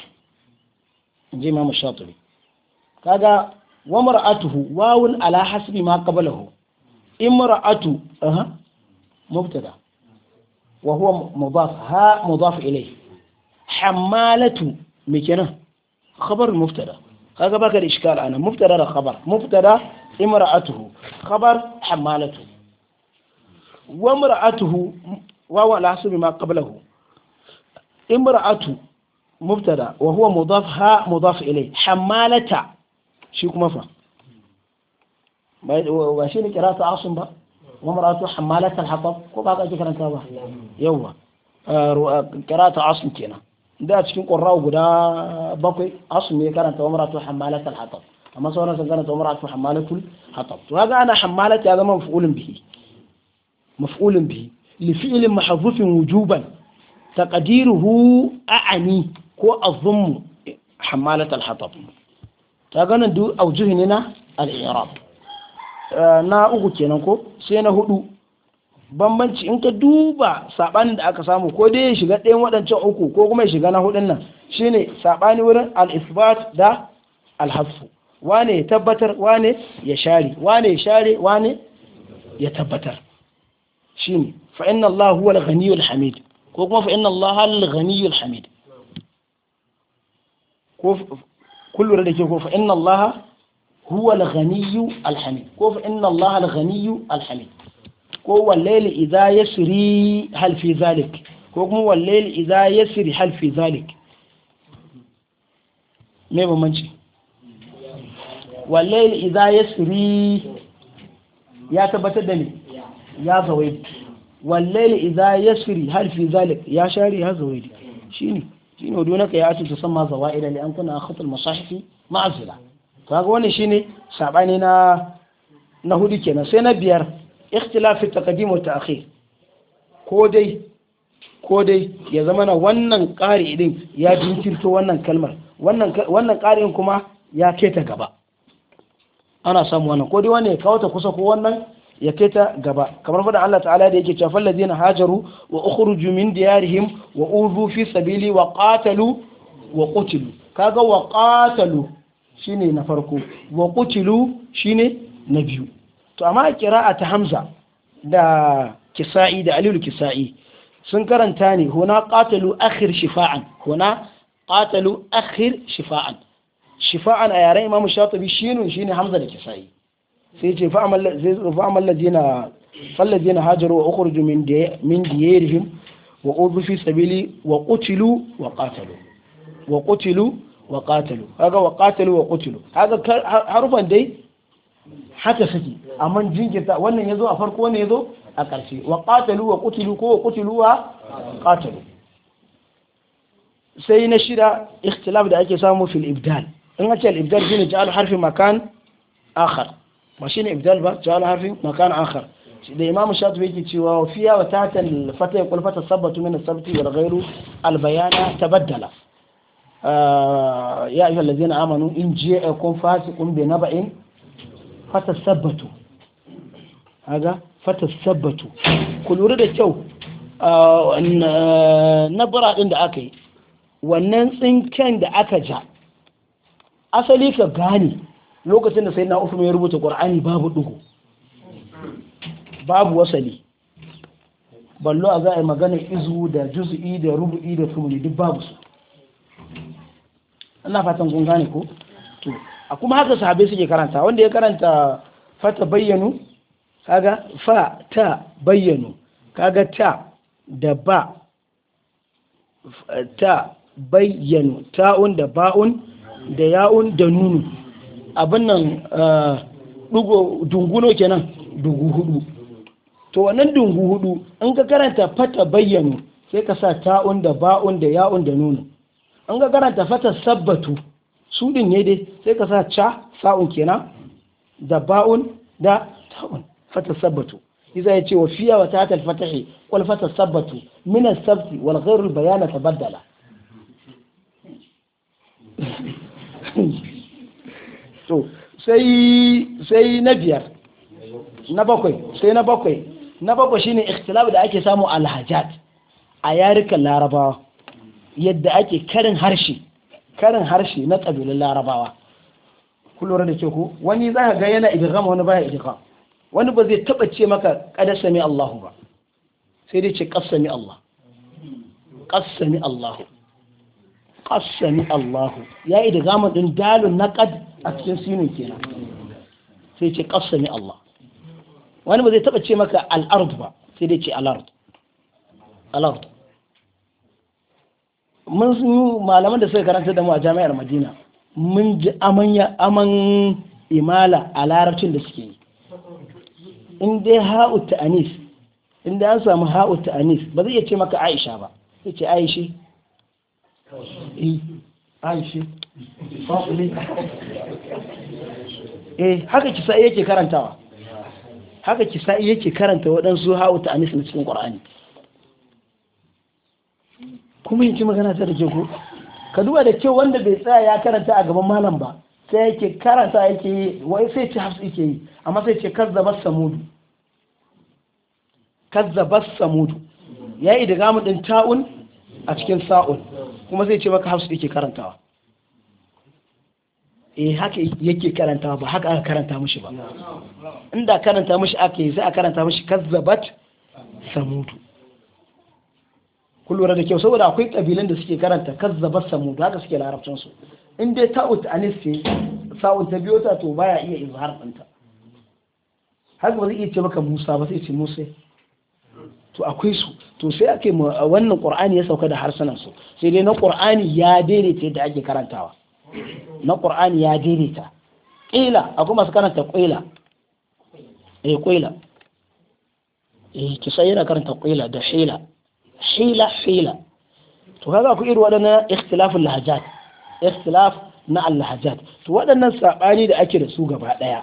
inji imam shatibi kaga wa mar'atuhu wawun ala hasbi ma qablahu imra'atu aha mubtada wa huwa mudaf ha mudaf ilayhi hamalatu me kenan khabar mubtada kaga baka da iskal ana mubtada da khabar mubtada imra'atuhu khabar hamalatu wa mar'atuhu wawun ala hasbi ma qablahu imra'atu مبتدا وهو مضاف ها مضاف اليه حمالتا شي كما فا واش ني قراءه عاصم با ومراته حمالتا الحطب كو باقي ذكر انت با يوا قراءه عاصم كينا ده cikin قراءه غدا باقي عاصم ني قراءه ومراته حمالتا الحطب اما سوى نفسه قراءه ومراته حمالتا الحطب وهذا انا حمالتا هذا مفعول به مفعول به لفعل محذوف وجوبا تقديره أعني ko a hammalat al-hatab ta gana du aujuhi ne na al eh, na uku kenan ko sai na hudu bambanci in ka duba sabanin da aka samu ko dai ya shiga ɗayan waɗancan uku ko kuma ya shiga na hudun nan shine saɓani wurin alisbat da al wane ya tabbatar wane ya share wane ya share wane ya tabbatar shi ne fa’in Allah huwa al-ghaniyyu hamid ko kuma fa’in Allah al-ghaniyyu al-hamid ko kun lura da ke ko fa inna allaha huwa al-ghaniyyu al-hamid ko fa inna allaha al-ghaniyyu al-hamid ko wallail yasri hal fi zalik ko kuma wallail idza yasri hal fi zalik me bambanci wallail idza yasri ya tabbatar da ni ya zawai wallail idza yasri hal fi zalik ya shari ya zawai shine shine wadunaka ya atu tusamma zawaida li an kuna khatul masahifi ma'azila kaga wannan shine sabani na na hudu kenan sai na biyar ikhtilafi taqdim wa ta'khir ko dai ko dai ya zama na wannan ƙari din ya jinkirto wannan kalmar wannan wannan ƙarin kuma ya keta gaba ana samu wannan ko dai wannan ya kawo ta kusa ko wannan ya kai ta gaba kamar faɗin Allah ta'ala da yake cewa na hajaru wa ukhruju min diyarihim wa udhu fi sabili wa qatalu wa qutilu kaga wa qatalu shine na farko wa qutilu shine na biyu to amma qira'a ta Hamza da Kisa'i da Aliyu Kisa'i sun karanta ne huna qatalu akhir shifa'an huna qatalu akhir shifa'an shifa'an a yaren Imam Shatibi shine shine Hamza da Kisa'i sai ce fa'amal ladina fallazina hajaru wa ukhriju min diyarihim wa udu fi sabili wa qutilu wa qatalu wa qutilu wa qatalu kaga wa qatalu wa qutilu kaga harufan dai haka suke amma jinkirta wannan yazo a farko ne yazo a ƙarshe wa qatalu wa qutilu ko wa qutilu wa qatalu sai na shida ikhtilaf da ake samu fil ibdal in ake al ibdal shine ja'al harfi makan akhar ماشين إبدال با جعل حرف مكان آخر الإمام الشاطبي يجي وفيها وتاتا الفتاة يقول فتاة الصبت من السبت والغير البيانة تبدل آه، يا أيها الذين آمنوا إن جاءكم فاسقون بنبأ فتاة الصبت هذا فتاة الصبت كل ورد التو آه، آه، نبرا عند أكي ونن إن كان أكجا أصليك غاني lokacin da sai na ufu ya rubuta Qur'ani babu duhu, babu wasali ballo a za a yi magana izu da juzu'i da rubu'i da sumuni duk babu su Ana fatan kun gane ko a kuma haka sahabai suke karanta wanda ya karanta fata bayyanu kaga fa ta bayyanu kaga ta da ba ta bayyanu ta'un da ba'un da ya'un da nunu abin nan dugo eh, dunguno kenan dugu hudu to wannan dungu hudu in ka karanta fata bayyanu sai ka sa ta'un da ba'un da ya'un da nunu in ka karanta fata sabbatu su din ne dai sai ka sa ca sa'un kenan da ba'un da ta'un fata sabbatu wa fiya إذا wal fata sabbatu min as السبت wal السبت al-bayana tabaddala *laughs* so sai na biyar na bakwai sai na bakwai na bakwai shine ikhtilaf da ake samu alhajat a yarika larabawa yadda ake karin harshe karin harshe na ƙabilun larabawa ku da ke ku wani za ka ga yana idgham wani baya idgham wani ba zai taba ce maka qad sami Allahu ba sai dai ce qad sami Allah qad sami Allahu qasami Allahu yi da zamanin din na kad a cikin sinin kenan sai ce qasami Allah wani ba zai taba ce maka al'ard ba sai dai ce al'ard al'ard mun sun malaman da suka karanta da mu a jami'ar Madina mun ji amanya aman imala a larabcin da suke yi in dai ha'u ta'anis in dai an samu ha'u ta'anis ba zai iya ce maka Aisha ba sai ce Aishi eh aishe fa'ule eh haka kisa'i yake karantawa haka kisa'i yake karanta waɗansu ha'uta anis na cikin ƙwar'ani kuma yake magana ta da ke ko ka duba da ke wanda bai tsaya ya karanta a gaban malam ba sai yake karanta yake yi wai sai ce hafsu yake yi amma sai ce kazzabar samudu kazzabar samudu ya yi da gamu ɗin ta'un a cikin sa'un kuma zai ce maka hafsu yake karantawa eh haka yake karantawa ba haka aka karanta mishi ba inda karanta mishi aka yi sai a karanta mishi kazzabat samudu kullu da kyau saboda akwai kabilan da suke karanta kazzabat samudu haka suke larabcin su in dai ta'ut anis sai sa'un ta biyo ta to baya iya izhar ɗinta haka ba zai iya ce maka musa ba sai ce musa to akwai su to sai ake wannan qur'ani ya sauka da harsunan su sai dai na qur'ani ya daidaita da ake karantawa na qur'ani ya daidaita ƙila akwai masu karanta ƙila eh ƙila eh kisa yana karanta ƙila da hila hila hila to kaga ku iri waɗannan ikhtilafun lahajat ikhtilaf na al-lahajat to waɗannan sabani da ake da su gaba ɗaya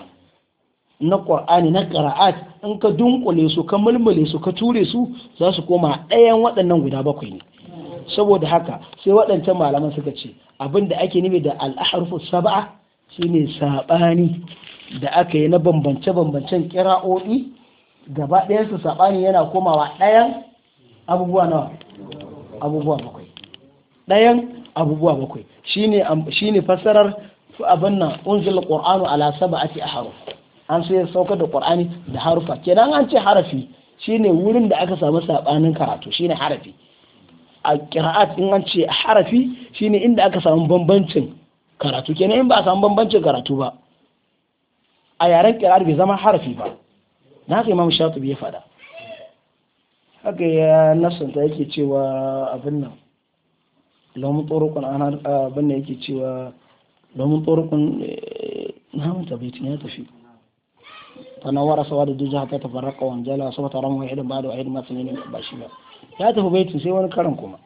na ƙwar'ani na ƙara'at in ka dunkule su ka mulmule su ka ture su za su koma ɗayan waɗannan guda bakwai ne saboda haka sai waɗancan malaman suka ce abin da ake nufi da al'aharfu saba'a shine saɓani da aka yi na bambance-bambancen ƙira'o'i gaba ɗayansu saɓani yana komawa ɗayan abubuwa nawa abubuwa bakwai ɗayan abubuwa bakwai shine shine fassarar abin nan unzila qur'anu ala sab'ati an so ya saukar da qur'ani da harufa kenan an ce harafi shine wurin da aka samu sabanin karatu shine harafi a qira'at in an ce harafi shine inda aka samu bambancin karatu kenan in ba a samu bambancin karatu ba a yaren qira'at bai zama harafi ba na ga imam shatibi ya fada haka ya ta yake cewa abin nan lamun kun an abin da yake cewa lamun kun eh, na mata bai ya tafi tanawwara sawadu duja hatta tafarraqa wa anjala sawfa taramu wahidan ba'da wahid ma sunan ba shi ba ya tafi baitin sai wani karin kuma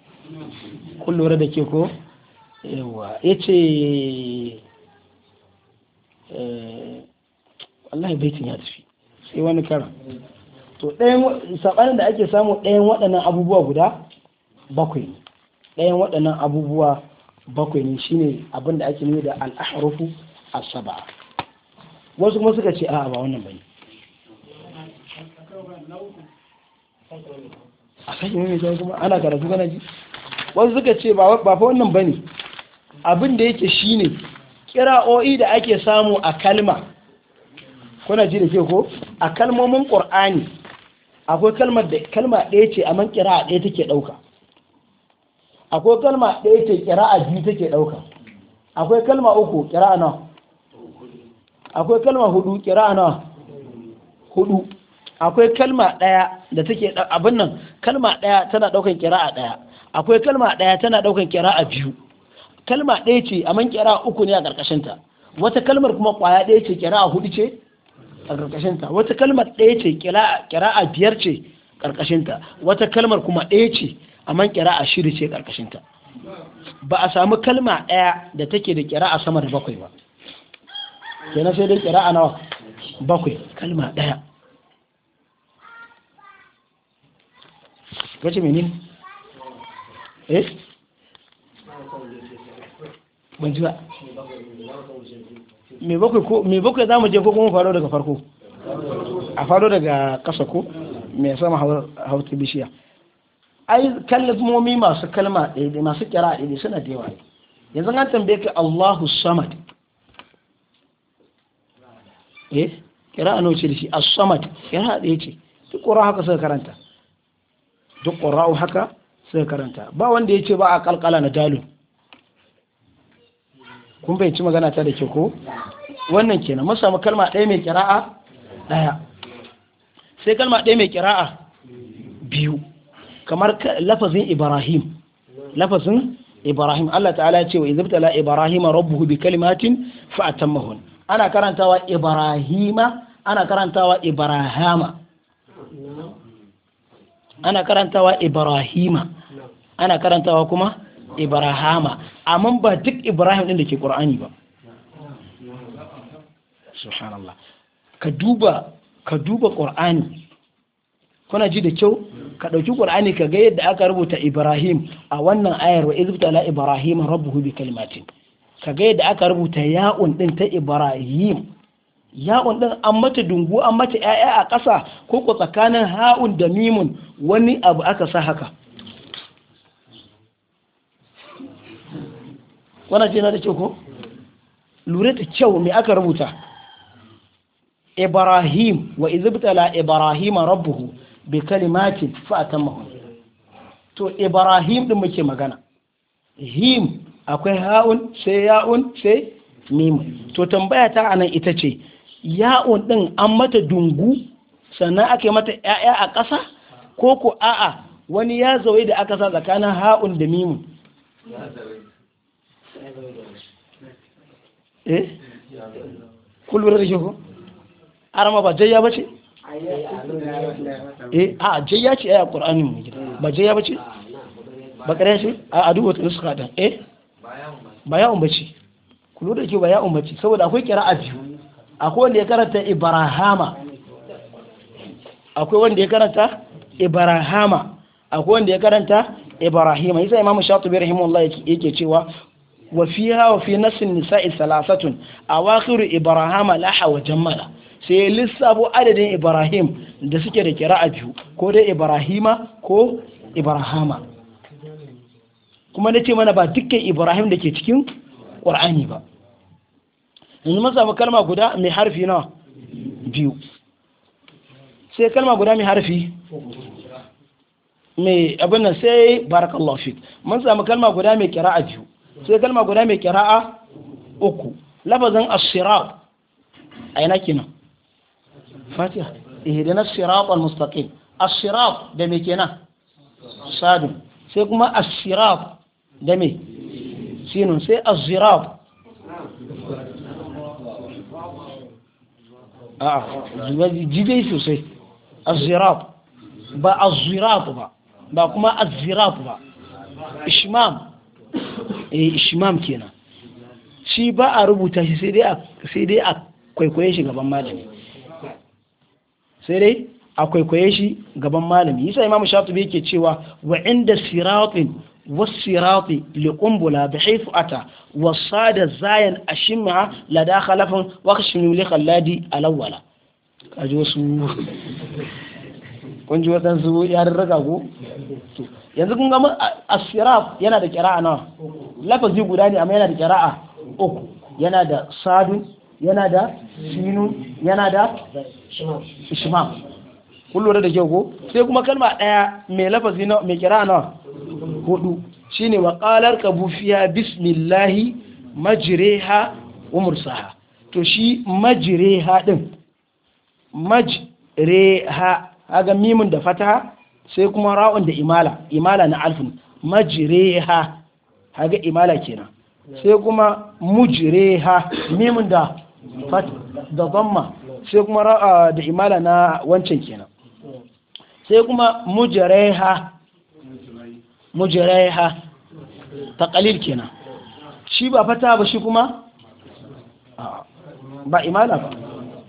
kun lura da ke ko yawa yace wallahi baitin ya tafi sai wani karin to ɗayan sabanin da ake samu ɗayan waɗannan abubuwa guda bakwai ne ɗayan waɗannan abubuwa bakwai ne shine abin da ake nuna da al-ahrufu wasu kuma suka ce a'a ba wannan bane a kan yi mai kuma ana karatu gana ji wasu suka ce ba fa wannan bane abin da yake ne kira'o'i da ake samu a kalma kuna ji da ke ko a kalmomin ƙor'ani akwai kalmar da kalma ɗaya ce a man kira'a ɗaya take ɗauka akwai kalma ɗaya ce kira'a biyu take ɗauka akwai kalma uku kira'a nawa akwai kalma hudu kira nawa hudu akwai kalma ɗaya da take abin nan kalma daya tana ɗaukan kira'a ɗaya akwai kalma ɗaya tana ɗaukan kira'a biyu kalma ɗaya ce amma kira'a uku ne a ta. wata kalmar kuma kwaya ɗaya ce kira'a hudu ce a ta. wata kalmar ɗaya ce kira'a biyar ce ta. wata kalmar kuma ɗaya ce amma kira'a shida ce ta. ba a samu kalma ɗaya da take da kira'a sama da bakwai ba kenan sai dai kira'a nawa bakwai kalma ɗaya wace mene eh ban jiwa me bakwai ko me bakwai zamu je ko kuma faro daga farko a faro daga kasa ko me sama hautu bishiya ai kalmomi masu kalma ɗaya masu kira ɗaya suna da yawa yanzu an tambaye ka Allahu Samad eh kira ano ce da shi as-samad kira ɗaya ce duk ƙura haka suka karanta duk ƙura haka suka karanta ba wanda ya ce ba a kalkala na dalu kun fahimci magana ta da ke ko wannan kenan mun samu kalma ɗaya mai kira'a ɗaya sai kalma ɗaya mai kira'a biyu kamar lafazin ibrahim lafazin ibrahim Allah ta'ala ya ce wa la ibrahima rabbuhu bi kalimatin fa atammahun ana karantawa ibrahima ana karantawa ibrahama ana karantawa ibrahima ana karantawa kuma ibrahama amma ba duk ibrahim din da ke qur'ani ba subhanallah ka duba ka duba qur'ani kuna ji da kyau ka ɗauki qur'ani ka ga yadda aka rubuta ibrahim a wannan ayar wa izbta ala ibrahim rabbuhu bi kalimatin ka ga yadda aka rubuta ya'un din ta ibrahim ya'un din an mata dungu an mata ƴaƴa a ƙasa ko ko tsakanin ha'un da mimun wani abu aka sa haka wannan ce na da kyau ko lura da kyau me aka rubuta ibrahim wa izibtala ibrahim rabbuhu bi kalimatin fa to ibrahim din muke magana him akwai ha'un sai ya'un sai mimu, to tambaya ta anan ita ce ya'un ɗin an mata dungu sannan ake mata ya'ya a ƙasa ko ko a'a wani ya zaure da aka sa tsakanin ha'un da mimu. Eh? da ya zaure ya zaure ya zaure ya zaure ya za ba ya umbaci ku lura ke ba ya umbaci saboda akwai kira'a biyu akwai wanda ya karanta ibrahama akwai wanda ya karanta ibrahama akwai wanda ya karanta ibrahima yasa imamu shatibi rahimahullah yake cewa wa fiha wa fi nasin nisa'i salasatun awakhiru ibrahama laha wa jammala sai lissafo adadin ibrahim da suke da kira'a biyu ko dai ibrahima ko ibrahama kuma na ce mana ba dukkan ibrahim da ke cikin ƙwar'ani ba yanzu mun samu kalma guda mai harfi na biyu sai kalma guda mai harfi mai abin sai barakallahu fik mun samu kalma guda mai kira'a biyu sai kalma guda mai kira'a uku lafazin as-sirat a yana kenan fatiha ihdina as-sirat al-mustaqim as-sirat da me kenan sadin sai kuma as-sirat da me sinun sai az-zirab a'a jidai sosai az-zirab ba az-zirab ba ba kuma az-zirab ba ishmam eh ishmam kenan shi ba a rubuta shi sai dai a kwaikwaye shi gaban malami sai dai a kwaikwaye shi gaban malami yasa imamu bai yake cewa wa inda siratin والصراط لقنبلة بحيث أتى والصاد الزاين الشمع لدى خلف وخشم a الأولى أجوسو kun ji waɗansu yarin raga ko yanzu kun gama asiraf yana da kira'a na lafazi guda ne amma yana da kira'a uku yana da sadu yana da sinu yana da ishmam Kullum da kyau ko sai kuma kalma ɗaya mai lafazi na mai kira'a na hudu shine wa qalar qabu fiha bismillahi majriha wa mursaha to shi majriha din majriha haga mimun da fataha sai kuma ra'un da imala imala na alfin majriha haga imala kenan sai kuma mujriha mimun da fat da dhamma sai kuma ra'a da imala na wancan kenan sai kuma mujriha mujraiha kalil kenan shi ba fata ba shi kuma ba imala ba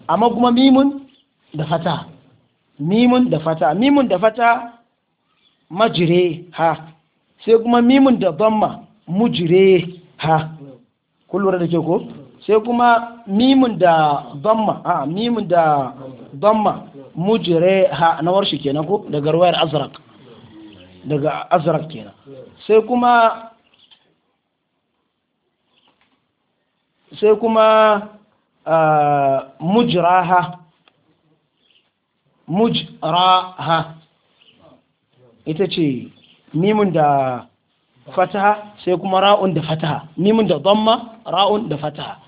amma kuma mimun da fata mimun da fata mimun da fata ha sai kuma mimun da dhamma ha kullum da ke ko sai kuma mimun da bamma a mimun da dhamma ha na warshi kenan ko daga ruwayar azraq daga azraq kenan sai kuma sai kuma mujraha mujraha ita ce mimun da fataha sai kuma ra'un da fataha mimun da dhamma ra'un da fataha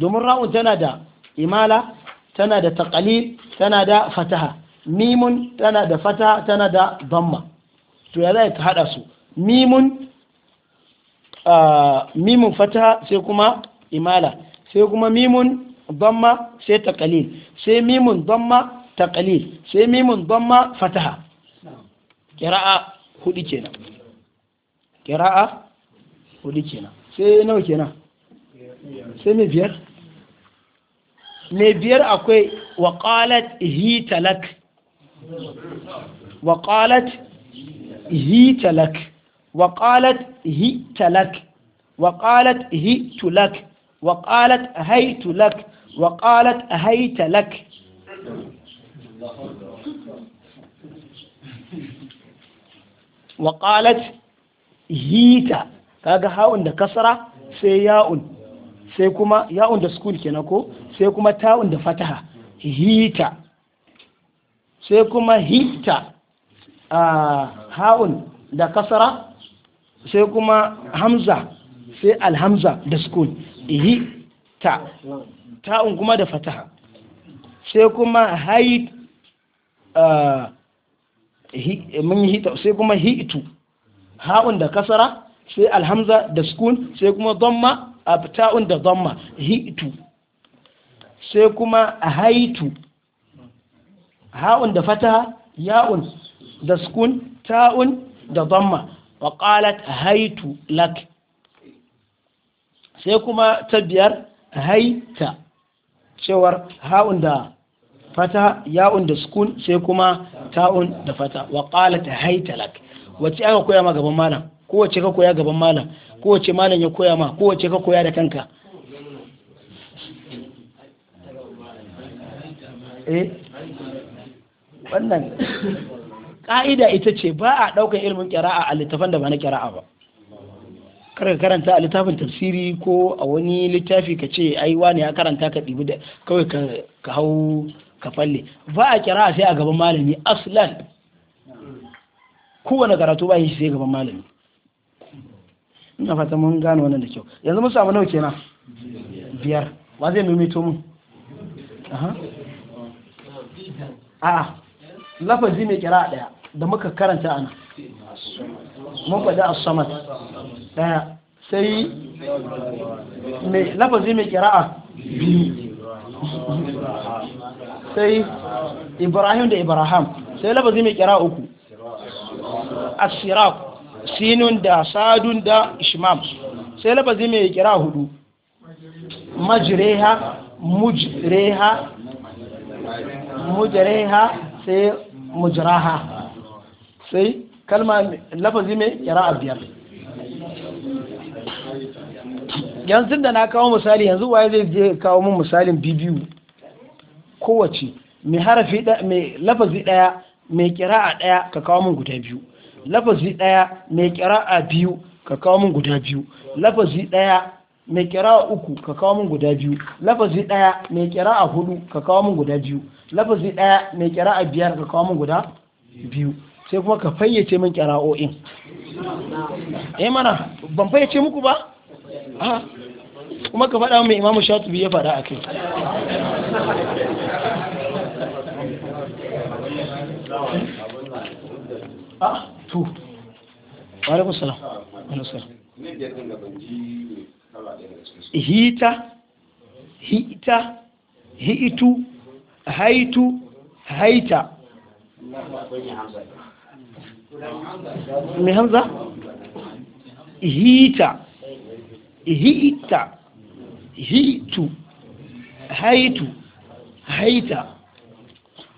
domin ra'un tana da imala tana da taqalil tana da fataha mimun tana da fataha tana da dhamma to ya zai ka haɗa su mimun mimun fata sai kuma imala sai kuma mimun damma sai taqalil sai mimun damma taqalil sai mimun damma fataha Kira'a hudu kenan kira'a hudu kenan sai nawa kenan sai mai biyar mai biyar akwai wa hi talak wa هيت لك وقالت هيت لك وقالت هيت لك وقالت هيت لك وقالت هيت لك وقالت هيت كاغا هاون ده كسرة سي سيكما ياون ده سكون كينكو سيكما تاون ده فتحة هيت سيكما هيت ha'un da kasara sai kuma hamza sai alhamza da sukun yi ta ta'un kuma da fataha sai kuma haid mun yi sai kuma hitu ha'un da kasara sai alhamza da sukun sai kuma a ta'un da dhamma hitu sai kuma haitu ha'un da fataha ya'un da sukun ta'un da zamma wa ƙalat haitu lak sai kuma ta biyar haita cewar ha'un da fata ya'un da sukun sai kuma ta'un da fata wa ƙalat haita lak wace aka koya ma gaban malam kowace ka koya gaban malam kowace malam ya koya ma kowace ka koya da kanka eh wannan ƙa'ida ita ce ba a ɗaukar ilimin ƙira'a a littafan da ba na ƙira'a ba kar ka karanta a littafin tafsiri ko a wani littafi ka ce ai wani ya karanta ka ɗibi da kawai ka hau ka falle ba a ƙira'a sai a gaban malami aslan kowane karatu ba shi sai gaban malami ina fata mun gano wannan da kyau yanzu mun samu nawa kenan biyar ba zai mimito mun a lafazi mai kira daya da muka karanta ana mun faɗi a samad sai mai lafazi mai kira'a biyu sai ibrahim da ibrahim sai lafazi mai kira'a uku A siraq sinun da sadun da ishmam sai lafazi mai kira'a hudu Majireha, mujireha, mujireha, sai mujiraha. sai kalma lafazi mai yara biyar yanzu da na kawo misali yanzu waye zai je kawo min misalin bibiyu kowace mai harafi mai lafazi daya mai kira'a daya ka kawo min guda biyu lafazi daya mai kira'a biyu ka kawo min guda biyu lafazi daya mai kira'a uku ka kawo min guda biyu lafazi daya mai kira'a hudu ka kawo min guda biyu lafazi daya mai kira'a biyar ka kawo min guda biyu sai kuma ka fayyace min kira'o'in eh mana ban fayyace muku ba a kuma ka faɗa mai imamu shatubi ya faɗa a kai ah, a tu wa alaikum salam hita hita hitu haitu haita mai hamza hita hita hitu haitu haita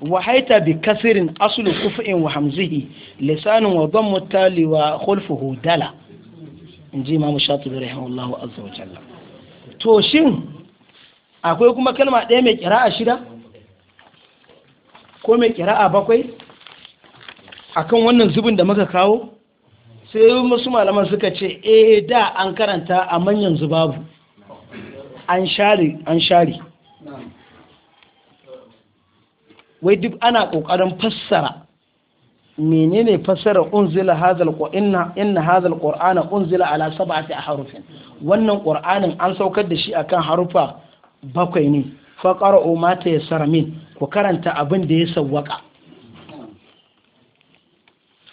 wa haita bi kasirin asulu kufu'in wa hamzihi lisanin wa don mutali wa khulfuhu hudala in ji imamu shatubi rahimahullahu azza wa jalla to shin akwai kuma kalma ɗaya mai kira'a shida ko mai kira'a bakwai akan wannan zubin da muka kawo sai wasu malaman suka ce eh da an karanta a manyan zubabu an share an share wai duk ana kokarin fassara menene fassara unzila hazal qur'ana inna hazal qur'ana unzila ala sab'ati ahrufin wannan qur'anin an saukar da shi akan harufa bakwai ne faqara'u ma tayassara min ku karanta abin da ya sawwaka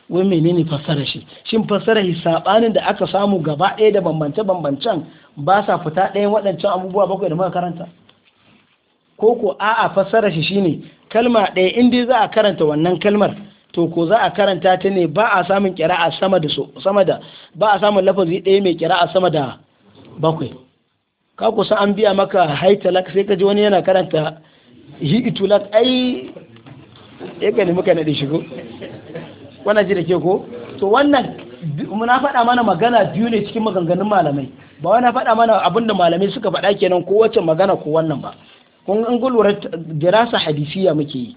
wai menene fassara shi shin fassara shi sabanin da aka samu gaba ɗaya da bambance bambancen ba sa fita ɗayan waɗancan abubuwa bakwai da muka karanta ko ko a'a fassara shi shine kalma ɗaya in dai za a karanta wannan kalmar to ko za a karanta ta ne ba a samun kira'a sama da sama da ba a samun lafazi ɗaya mai kira'a sama da bakwai ka kusa an biya maka haitalak sai ka ji wani yana karanta hi'itulak ai ya ka nemi ka naɗe shigo wannan ji da ke ko to wannan na faɗa mana magana biyu ne cikin maganganun malamai ba wani faɗa mana abin da malamai suka faɗa kenan ko wacce magana ko wannan ba kun an gulwar dirasa hadisiya muke yi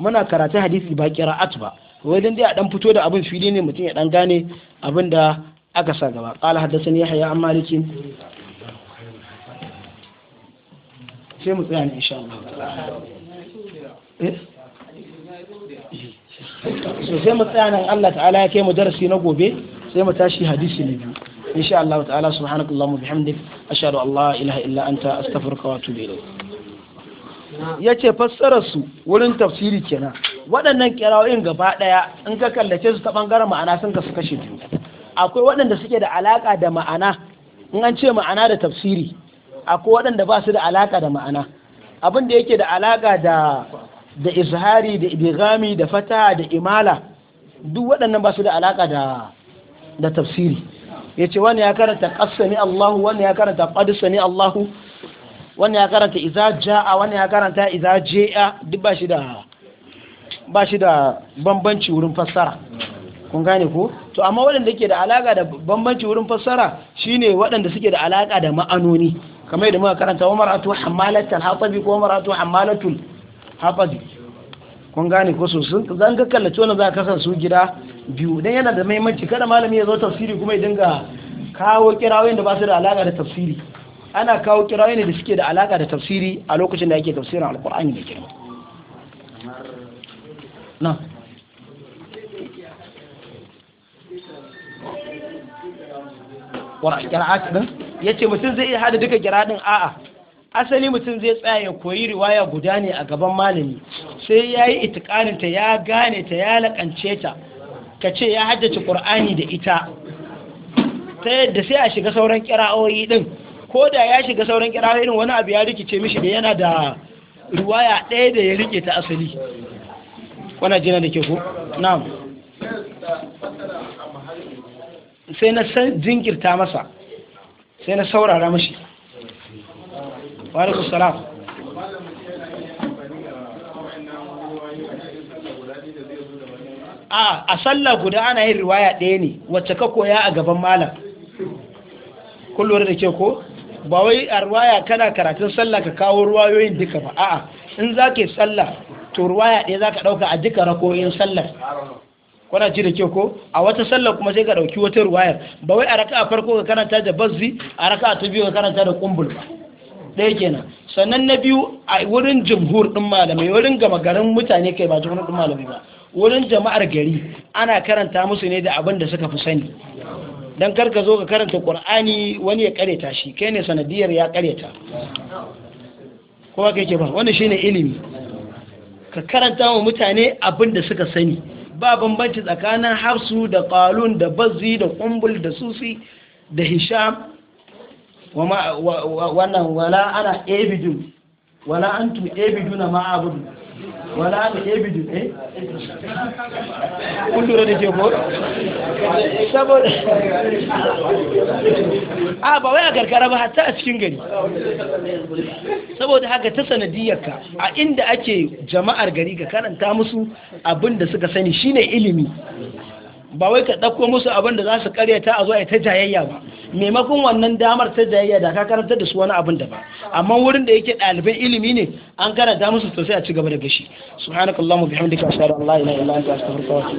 muna karatu hadisi ba qira'at ba wai dan dai a dan fito da abin fili ne mutum ya dan gane abin da aka sa gaba qala haddathani yahya an maliki sai mu tsaya ne insha Allah eh? so sai mu tsaya nan Allah ta'ala ya kai mu darasi na gobe sai mu tashi hadisi na biyu insha Allah ta'ala subhanakallahumma bihamdik ashhadu an la ilaha illa anta astaghfiruka wa atubu ilayk ya ce fassararsu wurin tafsiri kenan waɗannan kirawoyin gaba ɗaya in ka kallace su ta bangaren ma'ana sun kasu kashe biyu akwai waɗanda suke da alaƙa da ma'ana in an ce ma'ana da tafsiri akwai waɗanda ba su da alaƙa da ma'ana abin da yake da alaka da da izhari da idigami da fata da imala duk waɗannan ba su da alaƙa da tafsiri. Ya ce wani ya karanta qassami Allahu wani ya karanta qadsani Allahu wani ya karanta iza wani ya karanta iza ja'a duk ba shi da ba shi da bambanci wurin fassara kun gane ku? to amma waɗanda ke da alaƙa da bambanci wurin fassara shine waɗanda suke da alaƙa da ma'anoni kamar yadda muka karanta wa mar'atu hamalatul hatabi ko mar'atu hamalatul haɓari kun gane ko sosun zan ka kallace wannan za ka su gida biyu don yana da mahimmanci kada malami ya zo tafsiri kuma ya dinga kawo kirawoyin da ba su da alaƙa da tafsiri ana kawo kirawoyin da suke da alaƙa da tafsiri a lokacin da yake tafsirin alƙur'ani da girma na ƙira'at ɗin ya ce mutum zai iya hada duka ƙira'at ɗin a'a asali mutum zai tsaya ya koyi riwaya guda ne a gaban malami sai ya yi itikarinta ya gane ta ya laƙance ta ka ce ya haddace ƙur'ani da ita ta yadda sai a shiga sauran kira'o'i din ko da ya shiga sauran kira'o'i din wani abu ya rikice mishi da yana da riwaya ɗaya da ya rike ta asali wannan jina da ke ko na'am sai na jinkirta masa sai na saurara mashi وعليكم السلام salam a a sallah guda ana yin riwaya ɗaya ne wacce ka koya a gaban malam Kullum da ke ko ba wai a riwaya kana karatun sallah ka kawo ruwayoyin duka ba a'a in za ka yi sallah to ruwaya ɗaya za ka ɗauka a duka rakoyin sallar kuna ji da ke ko a wata sallah kuma sai ka ɗauki wata ruwayar ba wai a raka a farko ka karanta da bazzi a raka a ta biyu ka karanta da kumbul ba ɗaya kenan sannan na biyu a wurin jamhur ɗin malamai wurin gama garin mutane kai ba jamhur ɗin malamai ba wurin jama'ar gari ana karanta musu ne da abin da suka fi sani don karka zo ka karanta ƙur'ani wani ya ƙareta shi kai ne sanadiyar ya ƙareta Kuma kai ke ba shi shine ilimi ka karanta wa mutane abin da suka sani ba bambanci tsakanin hafsu da ƙalun da bazzi da kumbul da susi da hisham wannan wala ana abidun wala an tu abiduna ma abudu wala ana abidun eh kun lura da ke ko saboda a ba wai a karkara ba hatta a cikin gari saboda haka ta sanadiyarka a inda ake jama'ar gari ga karanta musu abin da suka sani shine ilimi ba wai ka ɗauko musu abin da za su karyata a zuwa ta jayayya ba maimakon wannan damar ta jayayya da ka karanta da su wani abin da ba amma wurin da yake ɗaliban ilimi ne an karanta musu sosai a ci gaba da gashi subhanakallahumma bihamdika ashhadu an la ilaha illa anta astaghfiruka wa atubu